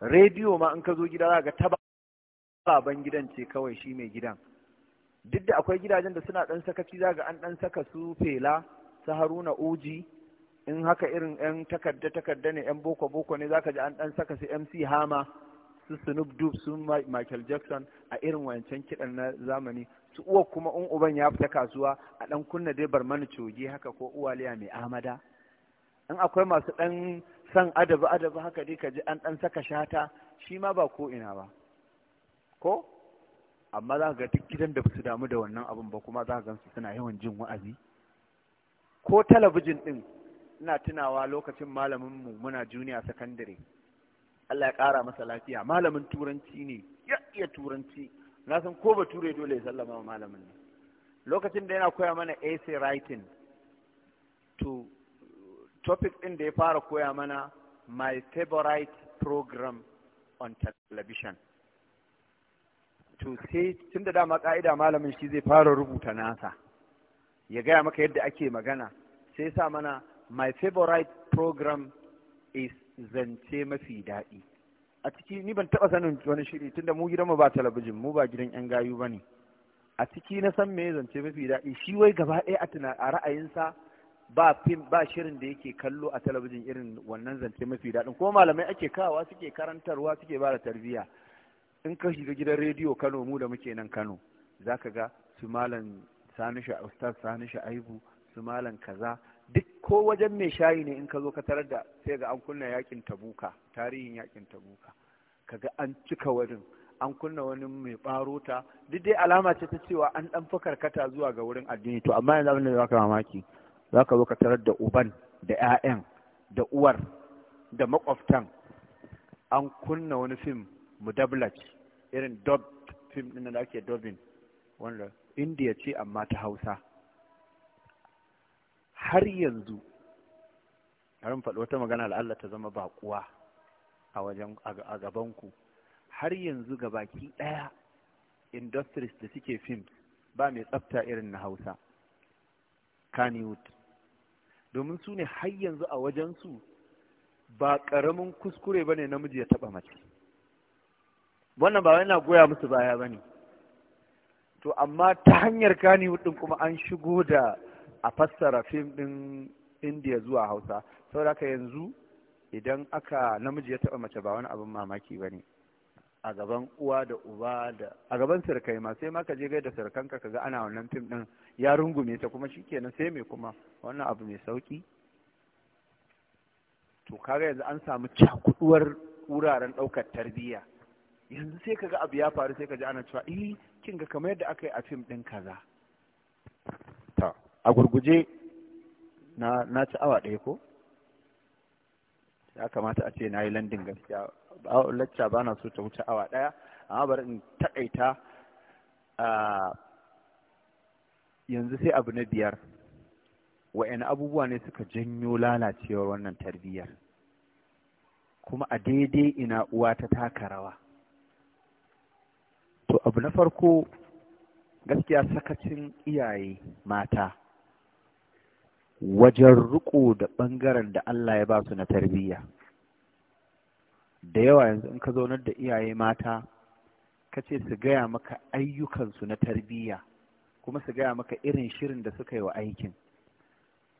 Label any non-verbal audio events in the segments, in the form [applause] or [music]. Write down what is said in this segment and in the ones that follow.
rediyo ma in ka zo gida za ga taba baban gidan ce kawai shi mai gidan duk da akwai gidajen da suna ɗan sakaci za ga an ɗan saka su fela su haruna oji in haka irin 'yan takarda takarda ne 'yan boko boko ne za ka ji an ɗan saka su mc hama su snoop dub su michael jackson a irin wancan kiɗan na zamani su uwa kuma in uban ya fita kasuwa a ɗan kunna dai mana coge haka ko uwaliya mai amada in akwai masu ɗan san adabi adabi haka dai ka ji an ɗan saka shata shi ma ba ko ina ba ko amma za ga duk gidan da su damu da wannan abin ba kuma za ga su suna yawan jin wa'azi ko talabijin ɗin ina tunawa lokacin malamin mu muna juniya sakandare Allah ya ƙara masa lafiya malamin turanci ne ya iya turanci na san ko ba ture dole ya sallama malamin lokacin da yana koya mana essay writing to topic ɗin da ya fara koya mana my favorite program on television to sai tun da dama ka'ida malamin shi zai fara rubuta nasa ya gaya maka yadda ake magana sai sa mana my favorite program is zance mafi daɗi a ciki ni ban taɓa sanin wani shiri tunda mu gidanmu ba talabijin mu ba gidan yan gayu ba ne a ciki na san me zance mafi daɗi shi wai gaba ɗaya a ra'ayinsa ba fim ba shirin da yake kallo a talabijin irin wannan zance mafi daɗin kuma malamai ake kawa suke karantarwa suke ba da tarbiyya in ka shiga gidan rediyo kano mu da muke nan kano za ka ga su malam sani ustaz sani sha'aibu su malam kaza duk ko wajen mai shayi ne in ka zo ka tarar da sai ga an kunna yakin tabuka tarihin yakin tabuka kaga an cika wurin an kunna wani mai barota duk dai alama ce ta cewa an dan fakar karkata zuwa ga wurin addini to amma yanzu abin da zaka mamaki za ka zo ka tarar da uban da 'ya'yan da uwar da makwabtan an kunna wani fim mudablat irin dub fim ɗin da ake dubin wanda indiya ce amma ta hausa har yanzu harin faɗi wata magana Allah ta zama baƙuwa a wajen a gabanku har yanzu ga baki ɗaya industries da suke fim ba mai tsafta irin na hausa Kannywood domin su ne har yanzu a wajensu ba ƙaramin kuskure ba ne namiji ya taɓa mace wannan ba yana goya musu baya ba ne to amma ta hanyar kani ɗin kuma an shigo da a fassara fim ɗin indiya zuwa hausa saboda haka yanzu idan aka namiji ya taɓa mace ba wani abin mamaki ba ne a gaban uwa da uba da a gaban sirkai ma sai ma ka je gai da sirkanka ka ga ana wannan fim din ya rungume ta kuma shikenan sai me kuma wannan abu mai sauki to kaga yanzu an samu cakuduwar wuraren daukar tarbiyya yanzu sai kaga abu ya faru sai ka ji ana cewa eh kin ga kamar yadda aka yi a fim din kaza to a gurguje na na ci awa ɗaya ko ya kamata a ce na yi landin gaskiya lacca ba na so ta wuce awa ɗaya amma bari in taƙaita yanzu sai abu na biyar wa'yan abubuwa ne suka janyo lalacewar wannan tarbiyyar kuma a daidai ina uwa ta taka rawa to abu na farko gaskiya sakacin iyaye mata wajen riko da ɓangaren da Allah ya ba su na tarbiyya da yawa yanzu in ka zaunar da iyaye mata ka ce su gaya maka ayyukansu na tarbiyya kuma su gaya maka irin shirin da suka yi wa aikin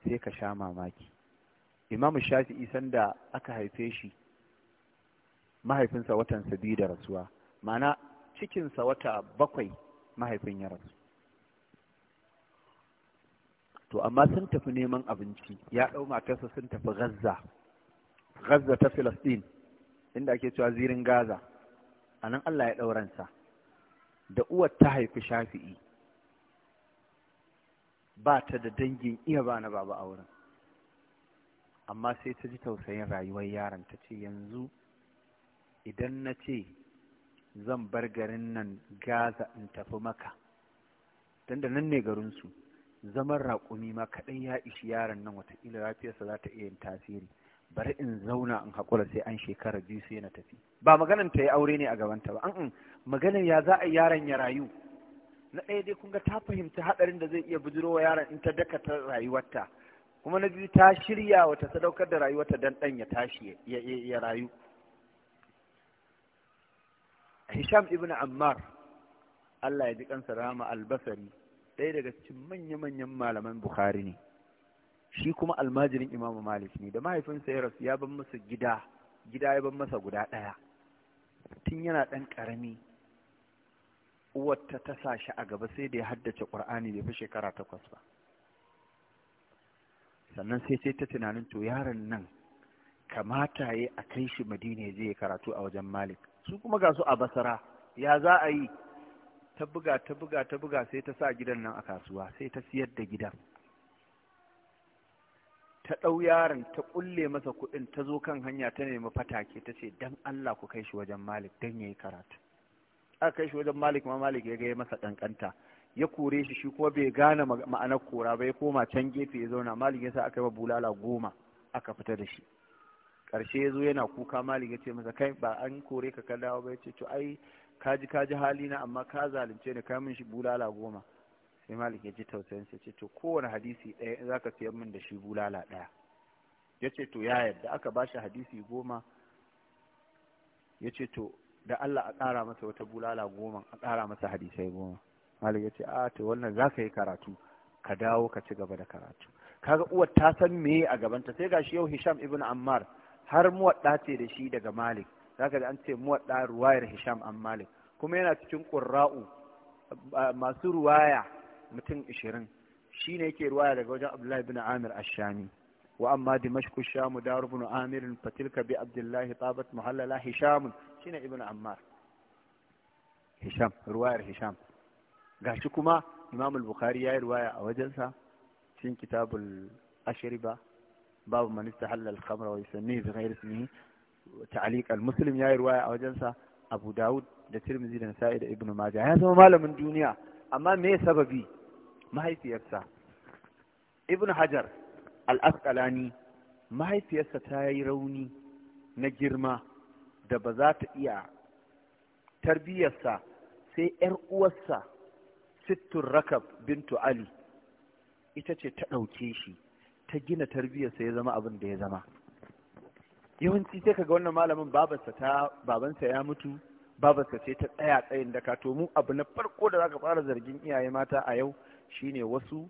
sai ka sha mamaki imamu shafi'i sanda aka haife shi mahaifinsa watansa biyu da rasuwa ma'ana cikinsa wata bakwai mahaifin ya rasu to amma sun tafi neman abinci ya ɗau matarsa sun tafi gazza gazza ta filistin. inda ake cewa zirin gaza a nan Allah ya ɗauransa da uwar ta haifi shafi'i ba ta da dangin iya ba na baba a wurin amma sai ta ji tausayin rayuwar yaron ta ce yanzu idan na ce zan bar garin nan gaza in tafi maka don da nan ne garinsu zaman raƙumi ma kaɗai ya ishi yaron nan watakila lafiyarsa za ta iya yin tasiri bari in zauna in haƙura sai an shekara biyu sai na tafi ba maganan ta yi aure ne a gabanta ba an maganin ya za a yaron ya rayu na ɗaya dai kun ta fahimci haɗarin da zai iya bujiro wa yaron in ta daka ta rayuwarta kuma na biyu ta shirya ta sadaukar da rayuwarta dan ɗan ya tashi ya rayu hisham ibn ammar Allah ya ji kansa rama albasari ɗaya daga cikin manya-manyan malaman bukhari ne shi kuma almajirin imamu malik ne da mahaifinsa ya rasu ya ban masa gida gida ya ban masa guda ɗaya tun yana ɗan ƙarami wata ta sa shi a gaba sai da ya haddace ƙur'ani bai fi shekara takwas ba sannan sai sai ta tunanin to yaron nan kamata ya a kai shi madina ya je ya karatu a wajen malik su kuma ga su a basara ya za a yi ta buga ta buga ta buga sai ta sa gidan nan a kasuwa sai ta siyar da gidan ta ɗau yaron ta ƙulle masa kuɗin ta zo kan hanya ta nemi fatake ta ce dan Allah ku kai shi wajen Malik dan yayi karatu aka kai shi wajen Malik ma Malik ya gaya masa ɗanƙanta ya kore shi shi kuma bai gane ma'anar kora ba ya koma can gefe ya zauna Malik ya sa aka yi bulala goma aka fita da shi ƙarshe ya zo yana kuka Malik ya ce masa kai ba an kore ka ka dawo ba ya ce to ai kaji kaji halina amma ka zalunce ni ka min shi bulala goma sai malik ya ji tausayin sai ce to kowane hadisi ɗaya za ka siyan min da shi bulala ɗaya ya ce to ya yadda aka ba shi hadisi goma ya ce to da Allah a ƙara masa wata bulala goma a ƙara masa hadisai goma malik ya ce a to wannan za ka yi karatu ka dawo ka ci gaba da karatu Ka ga uwar ta san meye a gabanta sai gashi yau hisham ibn ammar har muwaɗa ce da shi daga malik zaka da an ce muwadda ruwayar hisham an malik kuma yana cikin ƙurra'u masu ruwaya متن إشرين شين يكير وارد وجاء عبد الله بن عامر الشامي وأما دمشق الشام ودار بن عامر فتلك بعبد الله طابت محل لا هشام شين ابن عمار هشام رواية هشام قاشكما إمام البخاري يا رواية وجلسة شين كتاب الأشربة باب من استحل الخمر ويسميه بغير اسمه تعليق المسلم يا رواية وجلسة أبو داود لترمزي لنسائد ابن ماجه هذا ما له من دنيا أما ما سببي mahaifiyarsa ibn hajar al-asqalani mahaifiyarsa ta yi rauni na girma da ba za ta iya Tarbiyarsa sai 'yar uwarsa sittun rakab bintu ali ita ce ta ɗauke shi ta gina tarbiyarsa ya zama abin da ya zama yawanci sai kaga wannan malamin babarsa ta babansa ya mutu babarsa sai ta tsaya tsayin daka to mu abu na farko da za ka fara zargin iyaye mata a yau shine wasu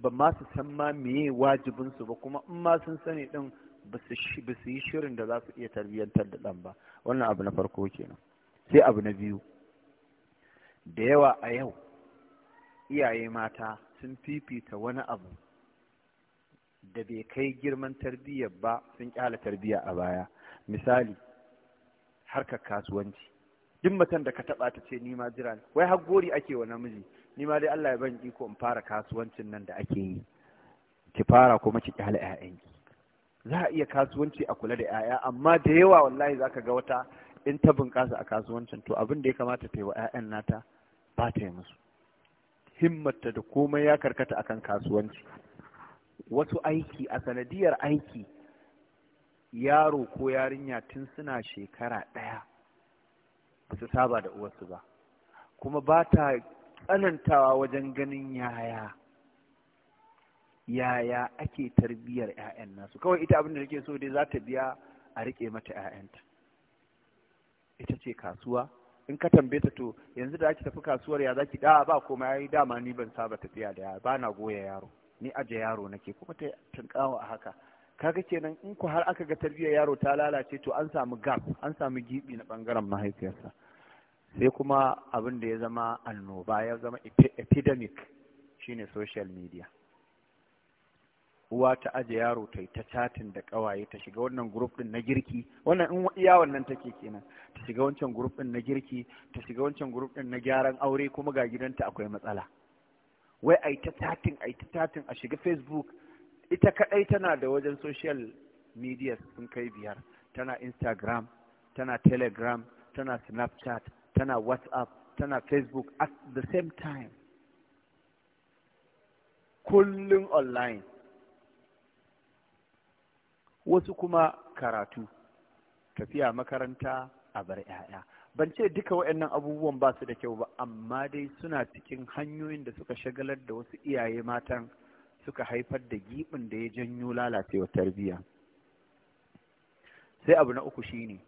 ba ma su san ma meye wajibinsu ba kuma in ma sun sani din ba su yi shirin da za su iya tarbiyyantar da ɗan ba wannan abu na farko kenan sai abu na biyu da yawa a yau iyaye mata sun fifita wani abu da bai kai girman tarbiyyar ba sun kyala tarbiyya a baya misali harkar kasuwanci duk matan da ka taɓa ta ce ni ma jira wai har gori ake wa namiji ni ma dai Allah ya ban iko in fara kasuwancin nan da ake yi ki fara kuma ki kyale ƴaƴanki za a iya kasuwanci a kula da ƴaƴa amma da yawa wallahi zaka ga wata in ta bunƙasa a kasuwancin to abin da ya kamata ta yi wa ƴaƴan nata ba ta yi musu himmata da komai ya karkata akan kasuwanci wasu aiki a sanadiyar aiki yaro ko yarinya tun suna shekara ɗaya ba su saba da uwarsu ba kuma ba ta tsanantawa wajen ganin yaya yaya ake tarbiyyar 'ya'yan nasu kawai ita abin da take so dai za ta biya a rike mata 'ya'yanta ita ce kasuwa in ka tambaye to yanzu da ake tafi kasuwar ya zaki da ba komai yayi dama ni ban saba tafiya da yaro ba goya yaro ni aje yaro nake kuma ta tunkawa a haka kaga kenan in ku har aka ga tarbiyyar yaro ta lalace to an samu gap an samu gibi na bangaren mahaifiyarsa sai kuma abin da ya zama annoba ya zama epidemic shine social media uwa ta aje yaro ta yi ta chatin da kawaye ta shiga wannan group din na girki wannan in iya wannan take kenan ta shiga wancan group din na girki ta shiga wancan group din na gyaran aure kuma ga gidanta akwai matsala wai ai ta chatin ai ta chatin a shiga facebook ita kadai tana da wajen social media sun kai biyar tana instagram tana telegram tana snapchat tana whatsapp tana facebook at the same time kullum online wasu kuma karatu tafiya makaranta a bar 'ya'ya ban ce duka waɗannan abubuwan ba su da kyau ba amma dai suna cikin hanyoyin da suka shagalar da wasu iyaye matan suka haifar da giɓin da ya janyo lalacewa tarbiyya sai abu na uku shine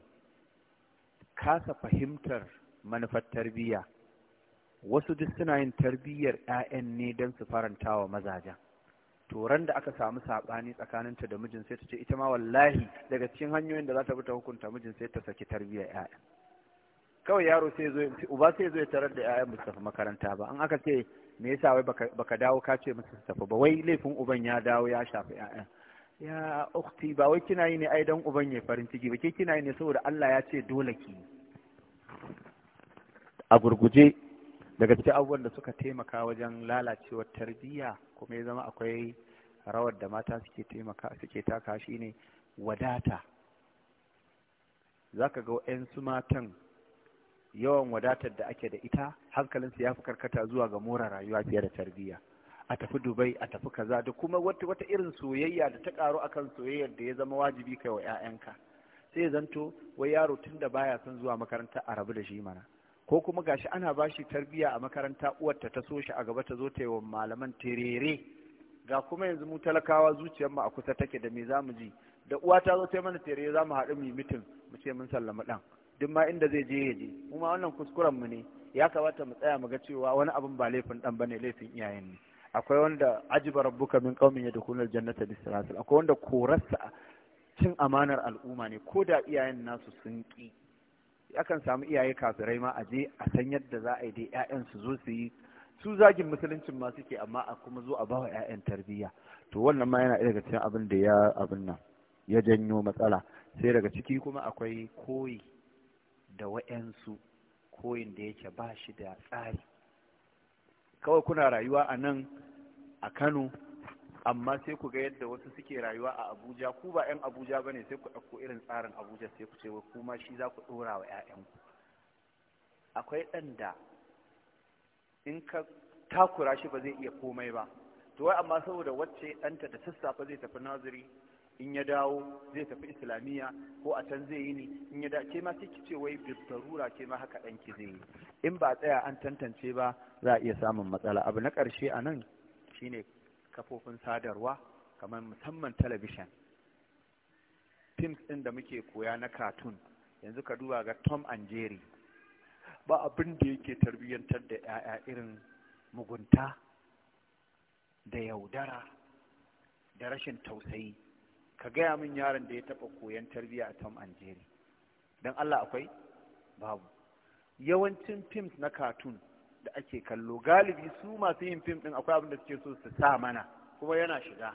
kasa fahimtar manufar tarbiyya wasu duk suna yin tarbiyyar 'ya'yan ne don su faranta wa mazajen turan da aka samu saɓani tsakaninta da mijin sai ta ce ita ma wallahi daga cikin hanyoyin da za ta bi ta hukunta mijin sai ta saki tarbiyyar 'ya'yan kawai yaro sai zo uba sai zo tarar da 'ya'yan ba su tafi makaranta ba an aka ce me yasa wai baka dawo ka ce musu su tafi ba wai laifin uban ya dawo ya shafi 'ya'yan ya ukti ba wai kina yi ne ai dan uban ya farin ciki ba ke kina yi ne saboda Allah ya ce dole ki yi. a gurguje daga cikin abubuwan da suka taimaka wajen lalacewar tarbiyya kuma ya zama akwai rawar da mata suke taimaka suke taka shine wadata zaka ga 'yansu matan yawan wadatar da ake da ita hankalinsu ya fi karkata zuwa ga mora rayuwa fiye da tarbiyya a tafi dubai a tafi kaza da kuma wata irin soyayya da ta karu akan soyayyar da ya zama wajibi kai wa 'ya'yanka sai zanto wai yaro tun da baya son zuwa makaranta a rabu da shi mana ko kuma gashi ana bashi tarbiya a makaranta uwarta ta so shi a gaba ta zo ta yi wa malaman terere ga kuma yanzu mu talakawa zuciyar mu a kusa take da me zamu ji da uwa ta zo ta yi mana terere zamu haɗu mu yi mitin mu ce mun sallama dan duk ma inda zai je ya je kuma wannan kuskuren mu ne ya kamata mu tsaya mu ga cewa wani abin ba laifin dan bane laifin iyayen ne akwai wanda ajiba rabbuka min qaumin yadkhuluna aljannata bisirasil akwai wanda korarsa cin amanar al'umma ne ko da iyayen nasu sun ki akan samu iyaye kafirai ma a je a san yadda za a yi dai ƴaƴan su zo su yi su zagin musuluncin ma suke amma a kuma zo a bawa ƴaƴan tarbiyya to wannan ma yana daga cikin abin da ya abin nan ya janyo matsala sai daga ciki kuma akwai koyi da wa'yansu koyin da yake ba shi da tsari kawai kuna rayuwa a nan a Kano amma sai ku ga yadda wasu suke rayuwa a abuja ku ba 'yan abuja ba ne sai ku ɗauko irin tsarin abuja sai ku ce wa kuma shi za ku ɗora wa 'ya'yanku akwai ɗan da in ka takura shi ba zai iya komai ba to wai amma saboda wacce ɗanta da sassafe zai tafi naziri in ya dawo zai tafi islamiyya ko a can zai yi ni in ya dace ma sai ce wai darura ke ma haka ɗanki zai yi in ba tsaya an tantance ba za a iya samun matsala abu na ƙarshe a nan shine kafofin sadarwa kamar musamman talabishin films ɗin da muke koya na katun yanzu ka duba ga tom and jerry ba abin da yake tarbiyyantar da 'ya'ya irin mugunta da yaudara da rashin tausayi ka gaya min yaron da ya taɓa koyan tarbiyya a tom and jerry don allah akwai babu yawancin films na katun. da ake kallo galibi su masu yin fim ɗin akwai abin da suke so su sa mana kuma yana shiga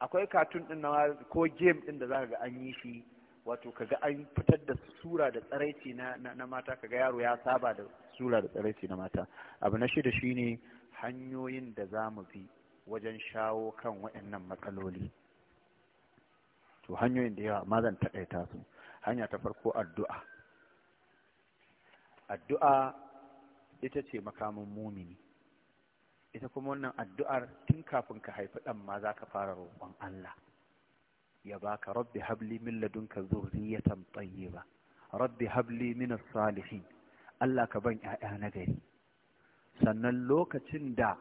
akwai katun ɗin na ko game ɗin da za ga an yi shi wato kaga an fitar da sura da tsaraici na, na, mata kaga yaro ya saba da sura da tsaraici na mata abu na shida shine hanyoyin da za mu bi wajen shawo kan waɗannan matsaloli to hanyoyin da yawa ma zan taƙaita su hanya ta farko addu'a addu'a ita ce makamin mumini ita kuma wannan addu'ar tun kafin ka haifi ɗan ma za ka fara roƙon Allah ya baka rabbi habli min ladunka zurriyatan tayyiba rabbi habli min salihin Allah ka ban ƴaƴa na gari sannan lokacin da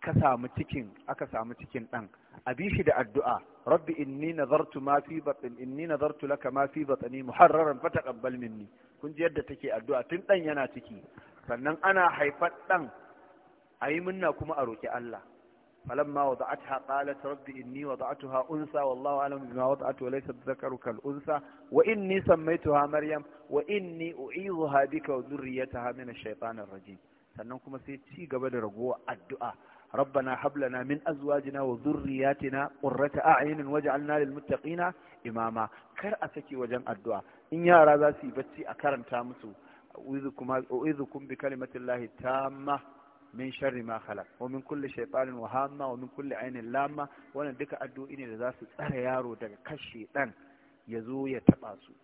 ka samu cikin aka samu cikin ɗan abin shi da addu'a rabbi inni nazartu ma fi batn inni nazartu laka ma fi batni muharraran fataqabbal minni kun ji yadda take addu'a tun ɗan yana ciki sannan ana haifar ɗan a yi munna kuma a roƙi Allah. falamma wa za'at ha qalat rabbi inni wa za'atu unsa wallahu a'lamu bima wada'tu laysa wa inni sammaytu ha maryam wa inni u'idhu ha bika wa dhurriyyataha min ash sannan kuma sai ci gaba da ragowa addu'a rabbana hab lana min azwajina wa dhurriyyatina qurrata a'yunin waj'alna lil muttaqina imama kar a saki wajen addu'a in yara za su yi bacci a karanta musu أعوذكم بكلمة ta تامة min sharri ma khalaq wa min kulli shaytanin wa wa min kulli ainin lamma wannan duka addu'o'i ne da za su tsare yaro daga kashe ɗan ya zo ya taba su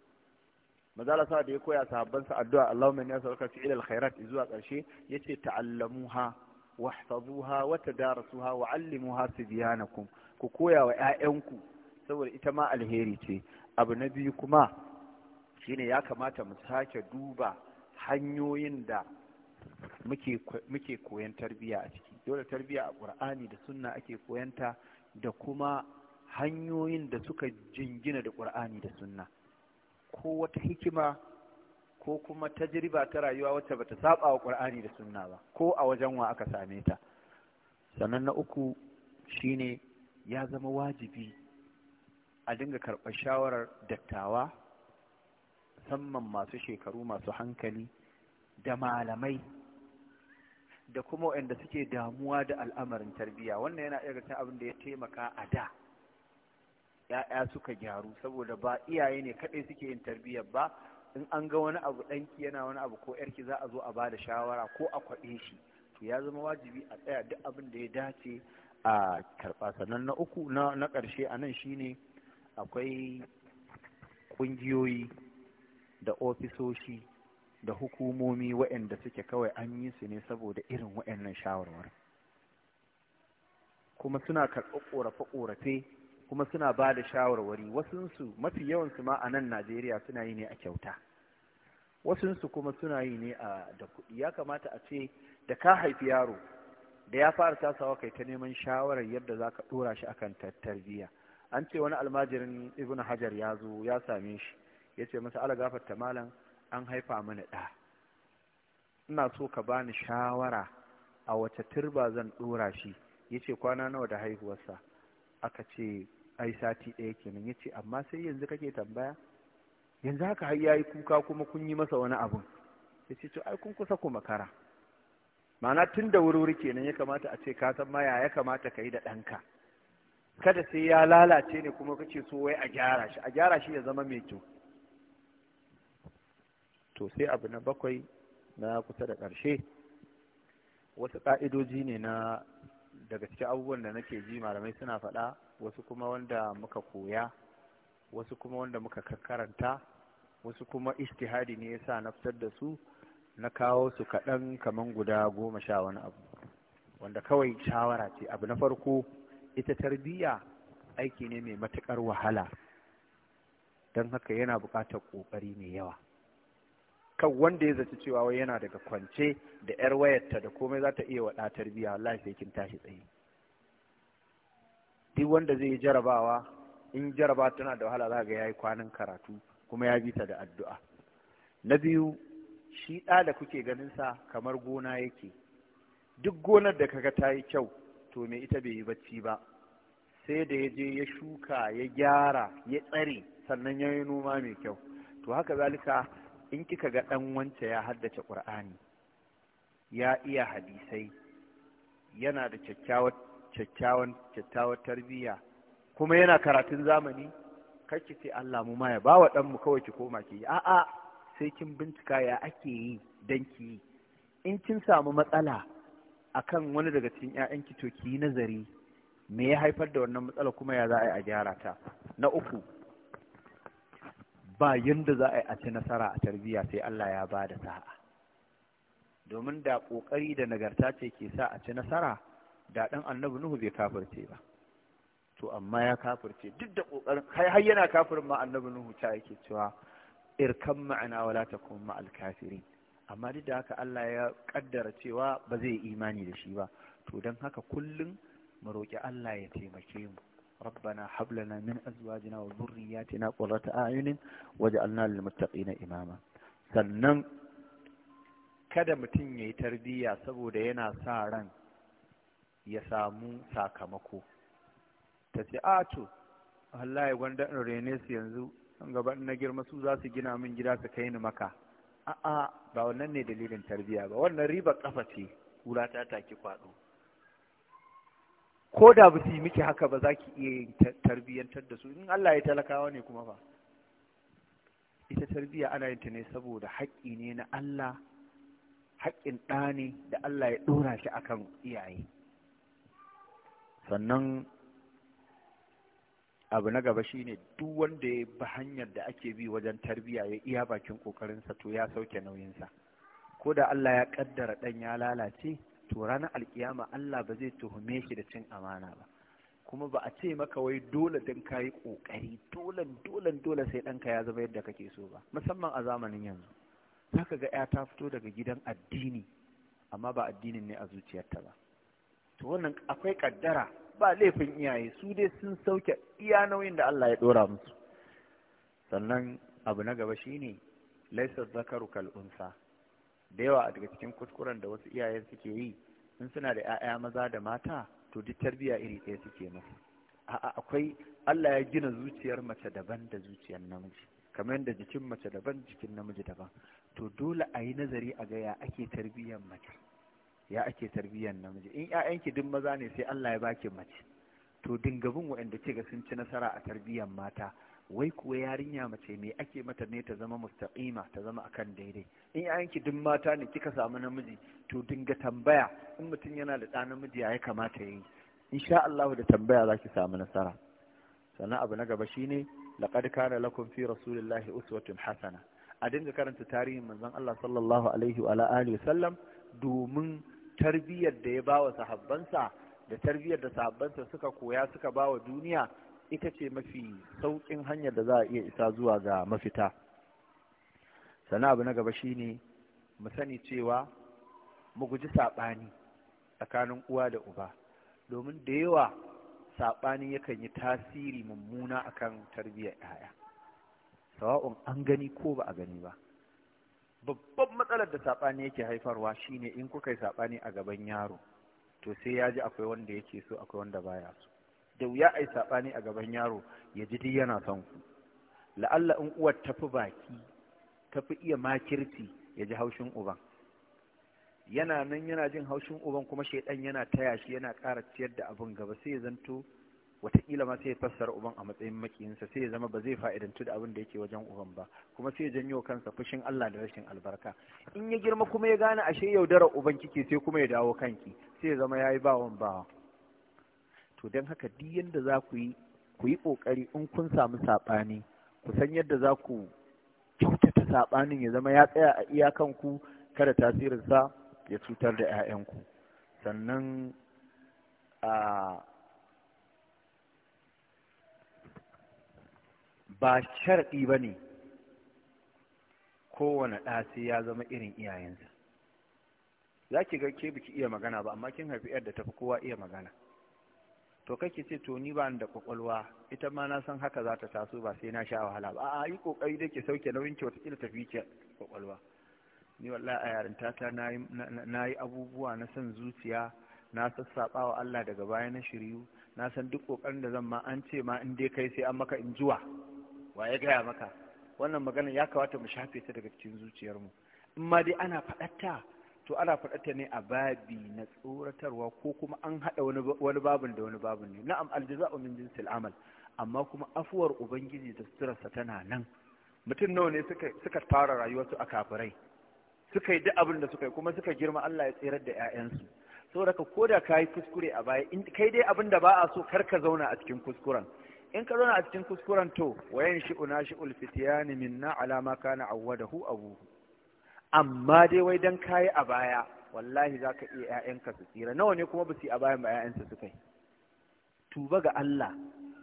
mazala da ya koya sahabban addu'a Allahumma inni as'aluka fi'l alkhairat zuwa karshe yace ta'allamuha wahfazuha wa tadarasuha wa 'allimuha sibyanakum ku koya wa 'ya'yanku saboda ita ma alheri ce abu na biyu kuma shine ya kamata mu sake duba hanyoyin da muke koyan tarbiyya a ciki dole tarbiya a ƙur'ani da sunna ake koyanta da kuma hanyoyin da suka jingina da ƙur'ani da sunna ko wata hikima ko kuma tajriba ta rayuwa wacce bata saba wa ƙur'ani da sunna ba ko a wajen wa aka same ta sannan na uku shine ya zama wajibi a dinga karɓar shawarar dattawa musamman masu shekaru masu hankali da malamai da kuma wanda suke damuwa da al'amarin tarbiyya wannan yana iya ta abin da ya taimaka a da ya'ya suka gyaru saboda ba iyaye ne kaɗai suke yin tarbiyyar ba in an ga wani abu ɗanki yana wani abu ko yarki za a zo a ba da shawara ko a kwaɗe shi to ya zama wajibi a tsaya duk abin da ya dace a karɓa sannan na uku na ƙarshe a nan shine akwai ƙungiyoyi da ofisoshi da hukumomi waɗanda suke kawai an yi su ne saboda irin waɗannan shawarwar kuma suna karɓar ƙorafe-ƙorafe kuma suna ba da shawarwari wasunsu mafi yawansu ma a nan najeriya suna yi ne a kyauta wasunsu kuma suna yi ne a da kuɗi ya kamata a ce da ka haifi yaro da ya fara tasawa kai ta neman shawarar yadda za ka ɗora shi akan tarbiyya an ce wani almajirin ibn hajar ya zo ya same shi ya ce masa ala gafarta malam an haifa mana ɗa ina so ka bani shawara a wace turba zan ɗora shi ya ce kwana nawa da haihuwarsa aka ce ai sati ɗaya kenan ya ce amma sai yanzu kake tambaya yanzu haka har ya kuka kuma kun yi masa wani abun ya ce to ai kun kusa ku makara ma'ana tun da wuri kenan ya kamata a ce ka san maya ya kamata ka yi da ɗanka kada sai ya lalace ne kuma kake so wai a gyara shi a gyara shi ya zama mai kyau to sai abu na bakwai na kusa da ƙarshe wasu ƙa'idoji ne na daga cikin abubuwan da nake ji malamai suna faɗa wasu kuma wanda muka koya wasu kuma wanda muka karanta wasu kuma ishtihadi ne yasa na fitar da su na kawo su kaɗan kaman guda goma sha wani abu wanda kawai shawara ce abu na farko ita tarbiyya aiki ne mai matuƙar wahala don haka yana buƙatar ƙoƙari mai yawa kan wanda ya zaci cewa wai yana daga kwance da yar wayarta da komai za ta iya wa ɗa tarbiyya wallahi kin tashi tsaye duk wanda zai yi jarabawa in jaraba tana da wahala za ga yayi kwanan karatu kuma ya bi ta da addu'a na biyu shi ɗa da kuke ganin sa kamar gona yake duk gonar da kaga ta yi kyau to me ita bai yi bacci ba sai da ya je ya shuka ya gyara ya tsare sannan ya yi noma mai kyau to haka zalika in kika ga ɗan wance ya haddace ƙur'ani ya iya hadisai yana da kyakkyawar tarbiyya kuma yana karatun zamani ki sai Allah mu ma ya ba wa ɗanmu kawai ki koma ki a'a sai kin bincika ya ake yi don ki yi in kin samu matsala akan wani daga cikin 'ya'yanki to ki yi nazari me ya haifar da wannan matsala kuma ya za a yi a gyara ta na uku ba yanda za a yi a ci nasara a tarbiyya sai Allah ya ba da sa'a domin da ƙoƙari da nagarta ce ke sa a ci nasara da ɗan annabi nuhu zai kafirce ba to amma ya kafirce duk da ƙoƙarin har yana kafirin ma annabi nuhu ta yake cewa irkan ma'ana wala kuma ma alkafirin amma duk da haka Allah ya kaddara cewa ba zai imani da shi ba to don haka kullum mu roƙi Allah ya taimake mu ربنا هب لنا من أزواجنا وذرياتنا قرة أعين واجعلنا للمتقين إماما sannan kada mutum ya yi tarbiyya saboda yana sa ran ya samu sakamako ta ce a to wallahi gwanda in rene su yanzu in gaba na girma su za su gina min gida su kai ni maka a'a ba wannan ne dalilin tarbiyya ba wannan riba kafa ce kura ta taki kwado ko da ba su yi miki haka ba za ki iya tarbiyyantar da su in Allah ya talakawa ne kuma ba ita tarbiyya ana yin ta ne saboda haƙƙi ne na Allah haƙƙin ɗa ne da Allah ya ɗora shi akan iyaye sannan abu na gaba shine duk wanda ya bi hanyar da ake bi wajen tarbiyya ya iya bakin ƙoƙarinsa to ya sauke nauyinsa ko da Allah ya ƙaddara ɗan ya lalace to ranar alkiyama Allah ba zai tuhume shi da cin amana ba kuma ba a ce maka wai dole dan kayi kokari dole dole dole sai ɗanka ya zama yadda kake so ba musamman a zamanin yanzu zaka ga ya ta fito daga gidan addini amma ba addinin ne a zuciyarta ba to wannan akwai kaddara ba laifin iyaye su dai sun sauke iya nauyin da Allah ya dora musu sannan abu na gaba shine laysa zakaru kal unsa da yawa a daga cikin kuskuren da wasu iyaye suke yi in suna da 'ya'ya maza da mata to duk tarbiya iri ɗaya suke masa, a'a akwai Allah ya gina zuciyar mace daban da zuciyar namiji kamar yadda jikin mace daban jikin namiji daban to dole a yi nazari a ga ya ake tarbiyyar mace ya ake tarbiyyar namiji in yayanki duk maza ne sai Allah ya baki mace to dingabin waɗanda ce ga sun ci nasara a tarbiyyar mata wai kuwa yarinya mace me ake mata ne ta zama mustaqima ta zama akan daidai in yayanki duk mata ne kika samu namiji to dinga tambaya in mutum yana da ɗa namiji ya kamata yayi insha Allah da tambaya za ki samu nasara sannan abu na gaba shine laqad kana lakum fi rasulillahi uswatun hasana a dinga karanta tarihin manzon Allah sallallahu alaihi wa alihi wasallam domin tarbiyyar da ya bawa sahabbansa da tarbiyyar da sahabbansa suka koya suka bawa duniya ita ce mafi sauƙin hanyar da za a iya isa zuwa ga mafita sana abu na gaba shine mu sani cewa mu guji saɓani tsakanin uwa da uba domin da yawa saɓani yakan yi tasiri mummuna akan tarbiyyar 'ya'ya sawa'un an gani ko ba a gani ba babban matsalar da saɓani yake haifarwa shine in kuka yi saɓani a gaban yaro to sai ya ji akwai wanda yake so akwai wanda baya so da wuya a yi saɓani a gaban yaro ya ji duk yana son ku la'alla in uwar tafi baki tafi iya makirci ya ji haushin uban yana nan yana jin haushin uban kuma shaidan yana taya shi yana ƙara ciyar da abin gaba sai ya zanto wataƙila ma sai ya fassara uban a matsayin makiyinsa sai ya zama ba zai fa'idantu da abin da yake wajen uban ba kuma sai ya janyo kansa fushin Allah da rashin albarka in ya girma kuma ya gane ashe yaudarar uban kike sai kuma ya dawo kanki sai ya zama yayi bawan bawa to don haka duk yadda za ku yi ku yi ƙoƙari in kun samu saɓani ku san yadda za ku kyautata saɓanin ya zama ya tsaya a iyakanku kada tasirinsa ya cutar da 'ya'yanku sannan a ba sharaɗi ba ne kowane ya zama irin iyayensa za ki ga ke biki iya magana ba amma kin haifi yadda tafi kowa iya magana to kake ce to ni ba da kwakwalwa ita ma na san haka za ta taso ba sai na sha wahala ba a yi kokari da ke sauke nauyin ki wata kila tafi ki kwakwalwa ni wallahi a yarinta tata na yi abubuwa na san zuciya na sassaba wa Allah daga baya na shiryu na san duk kokarin da zan ma an ce ma in dai kai sai an maka in zuwa wa ya gaya maka wannan magana ya kamata mu shafe ta daga cikin zuciyarmu in ma dai ana faɗatta to ana faɗata ne a babi na tsoratarwa ko kuma an haɗa wani babin da wani babin ne na'am aljaza'u min jinsil amal amma kuma afuwar ubangiji da sirarsa tana nan mutum nawa ne suka fara rayuwarsu a kafirai suka yi duk abin da suka yi kuma suka girma Allah ya tsirar da 'ya'yansu saboda ko da ka yi kuskure a baya in kai dai abin da ba a so kar ka zauna a cikin kuskuren in ka zauna a cikin kuskuren to wayan shi'una shi'ul fitiyani minna alama kana awwadahu abuhu amma dai wai dan kayi a baya wallahi za ka iya ‘ya'yanka su tsira nawa ne kuma ba su yi a bayan ba ‘ya'yansa suka yi tuba ga Allah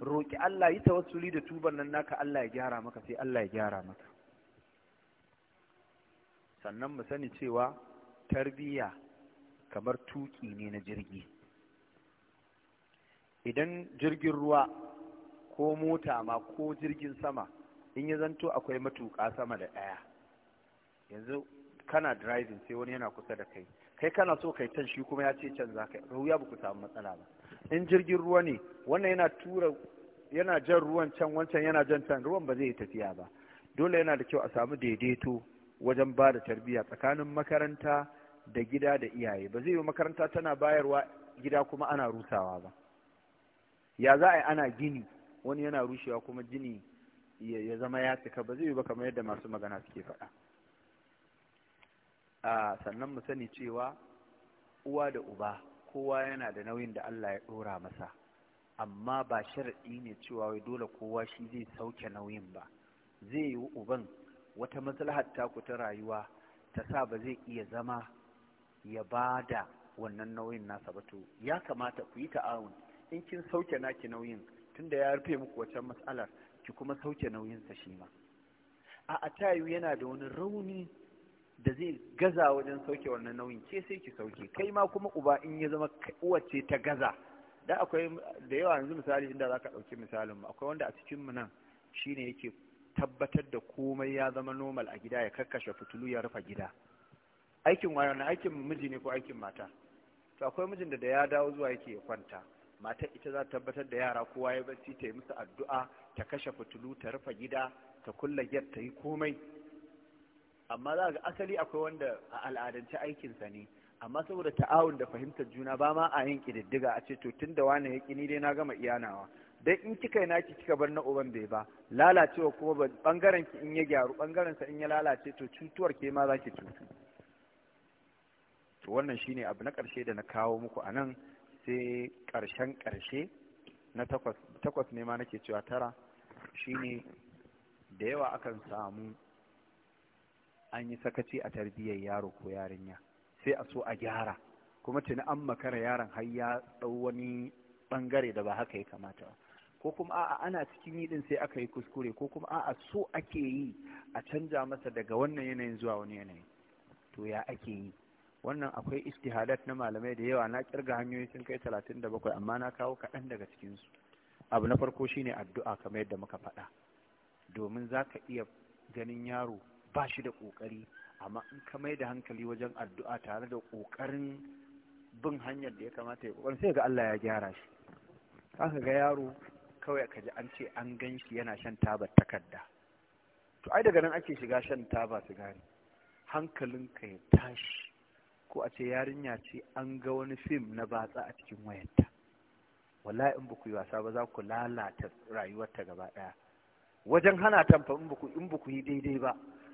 roƙi Allah yi tawassuli da tuban nan naka Allah ya gyara maka sai Allah ya gyara maka sannan mu sani cewa tarbiyya kamar tuƙi ne na jirgi idan jirgin ruwa ko mota ma ko jirgin sama in ya zanto akwai matuƙa sama da ɗaya yanzu kana driving sai wani yana kusa da kai kai kana so kai can shi kuma ya ce can za ka ruwa ba ku samu matsala ba in jirgin ruwa ne wannan yana tura yana jan ruwan can wancan yana jan can ruwan ba zai tafiya ba dole yana da kyau a samu daidaito wajen ba da tarbiyya tsakanin makaranta da gida da iyaye ba zai yi makaranta tana bayarwa gida kuma ana rusawa ba ya za a yi ana gini wani yana rushewa kuma gini ya zama ya cika ba zai yi ba kamar yadda masu magana suke faɗa a sannan mu sani cewa uwa da uba kowa yana da nauyin da Allah ya ɗora masa amma ba sharaɗi ne cewa wai dole kowa shi zai sauke nauyin ba zai yi uban wata maslahar taku ta rayuwa ta sa ba zai iya zama ya ba da wannan nauyin nasa ba to ya kamata ku yi ta'awun in kin sauke naki nauyin tunda ya rufe muku wacan matsalar ki kuma sauke nauyinsa shi ma a a tayu yana da wani rauni da zai gaza wajen sauke wannan nauyin ke sai ki sauke kai ma kuma uba in ya zama uwace ta gaza da akwai da yawa yanzu misali inda zaka dauki misalin mu akwai wanda a cikin mu nan shine yake tabbatar da komai ya zama normal a gida ya kakkashe fitulu ya rufe gida aikin wayo na aikin miji ne ko aikin mata to akwai mijin da ya dawo zuwa yake ya kwanta matar ita za ta tabbatar da yara kowa ya barci ta yi musu addu'a ta kashe fitulu ta rufe gida ta kulla giyar ta yi komai amma za ga asali akwai wanda a al'adance aikinsa ne amma saboda ta'awun da fahimtar juna ba ma a yin ƙididdiga a ce to tun da wani ya kini dai na gama iyanawa dan in kika yi naki kika bar na uban bai ba lalacewa kuma bangaren ki in ya gyaru bangaren sa in ya lalace to cutuwar ke ma za ki cutu to wannan shine abu na karshe da na kawo muku a nan sai ƙarshen ƙarshe na takwas takwas ne ma nake cewa tara shine da yawa akan samu an yi sakaci a tarbiyyar yaro ko yarinya sai a so a gyara kuma tuni an makara yaron har ya tsawo wani bangare da ba haka ya kamata ba ko kuma a'a ana cikin yi din sai aka yi kuskure ko kuma a'a so ake yi a canja masa daga wannan yanayin zuwa wani yanayi to ya ake yi wannan akwai istihadat na malamai da yawa na kirga hanyoyi sun kai 37 amma na kawo kaɗan daga cikin su abu na farko shine addu'a kamar yadda muka faɗa domin za ka iya ganin yaro ba shi da ƙoƙari amma in ka mai da hankali wajen addu'a tare da ƙoƙarin bin hanyar da ya kamata ya ƙoƙarin sai ga Allah ya gyara shi haka ga yaro kawai ka ji an ce an gan shi yana shan taba takarda to ai daga nan ake shiga shan taba sigari hankalinka ya tashi ko a ce yarinya ce an ga wani fim na batsa a cikin wayarta wallahi in ba ku yi wasa ba za ku lalata rayuwarta gaba ɗaya wajen hana tamfa in ba ku yi daidai ba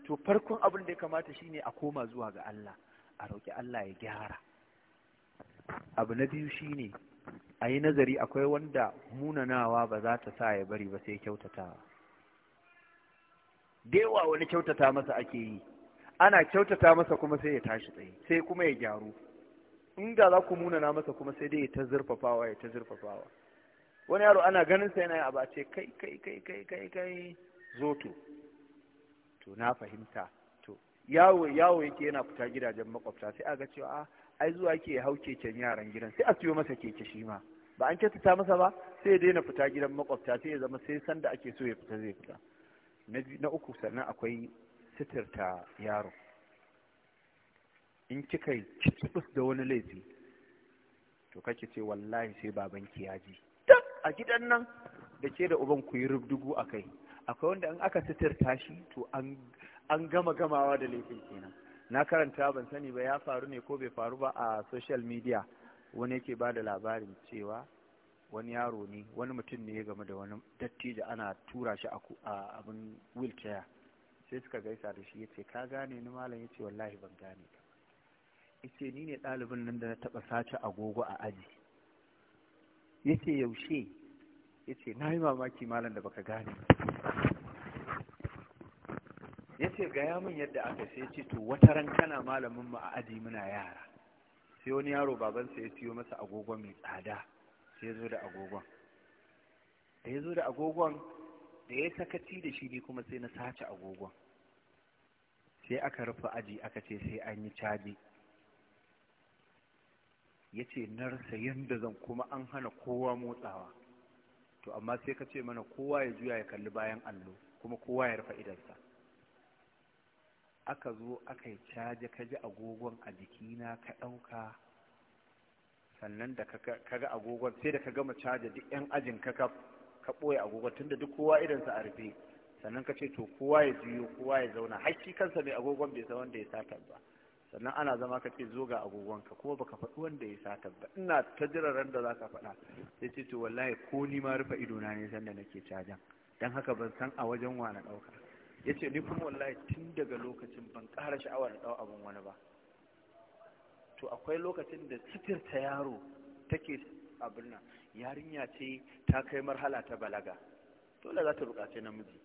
to farkon abin da ya kamata shine a koma zuwa ga Allah a roƙi Allah ya gyara abu na biyu shine a yi nazari akwai wanda munanawa ba za ta sa ya bari ba sai kyautatawa dewa wani kyautata masa ake yi ana kyautata masa kuma sai ya tashi tsaye sai kuma ya gyaru ga za ku munana masa kuma sai dai ya ta zurfafawa ya ta zurfafawa wani yaro ana ganin sa yana yi abu a ce kai kai kai kai kai kai zoto to na fahimta to yawo yawo yake yana fita gidajen makwabta sai aga cewa a ah, ai zuwa yake hau keken yaran gidan sai a siyo masa keke shi ma ba an kyautata masa ba sai ya daina fita gidan makwabta sai ya zama sai sanda ake so ya fita zai fita na uku sannan akwai sitirta yaro in kika yi da wani laifi to kake ce wallahi sai babanki ki ya ji a gidan nan da ke da uban ku yi rubdugu a kai akwai wanda in aka sitar shi to an gama gamawa da laifin kenan na karanta ban sani ba ya faru ne ko bai faru ba a social media wani yake ba da labarin cewa wani yaro ne wani mutum ne ya game da wani dattijo ana tura shi a abin wheelchair sai suka gaisa da shi ya ce ka gane ni malam ya ce wallahi ban gane ka ce ni ne ɗalibin nan da na taɓa sace agogo a aji ya ce yaushe ya ce na yi mamaki malam da baka gane ya ce gaya min yadda aka sai ce to wata ran kana malamin mu a aji muna yara sai wani yaro babansa ya siyo masa agogon mai tsada sai ya zo da agogon da ya zo da agogon da ya sakaci da shi ne kuma sai na sace agogon sai aka rufe aji aka ce sai an yi caji ya ce na rasa yadda zan kuma an hana kowa motsawa to amma sai ka ce mana kowa ya juya ya kalli bayan allo kuma kowa ya rufe idansa aka zo aka yi caji ka ji agogon a jikina ka ɗauka sannan da ka ga agogon sai da ka gama caji duk 'yan ajin ka ka ɓoye agogon tunda duk kowa idansa a rufe sannan ka ce to kowa ya juyo kowa ya zauna hakki kansa mai agogon bai san wanda ya sata ba sannan ana zama ka ce zo ga agogonka kuma baka faɗi wanda ya sa ba ina ta jiraran da za ka faɗa sai ce to wallahi ko ni ma rufe idona ne sanda nake cajan dan haka ban san a wajen wa na ɗauka ya ce ni kuma wallahi tun daga lokacin ban ƙara sha'awa na ɗau abin wani ba to akwai lokacin da ta yaro take abin nan yarinya ce ta kai marhala ta balaga dole za ta buƙaci namiji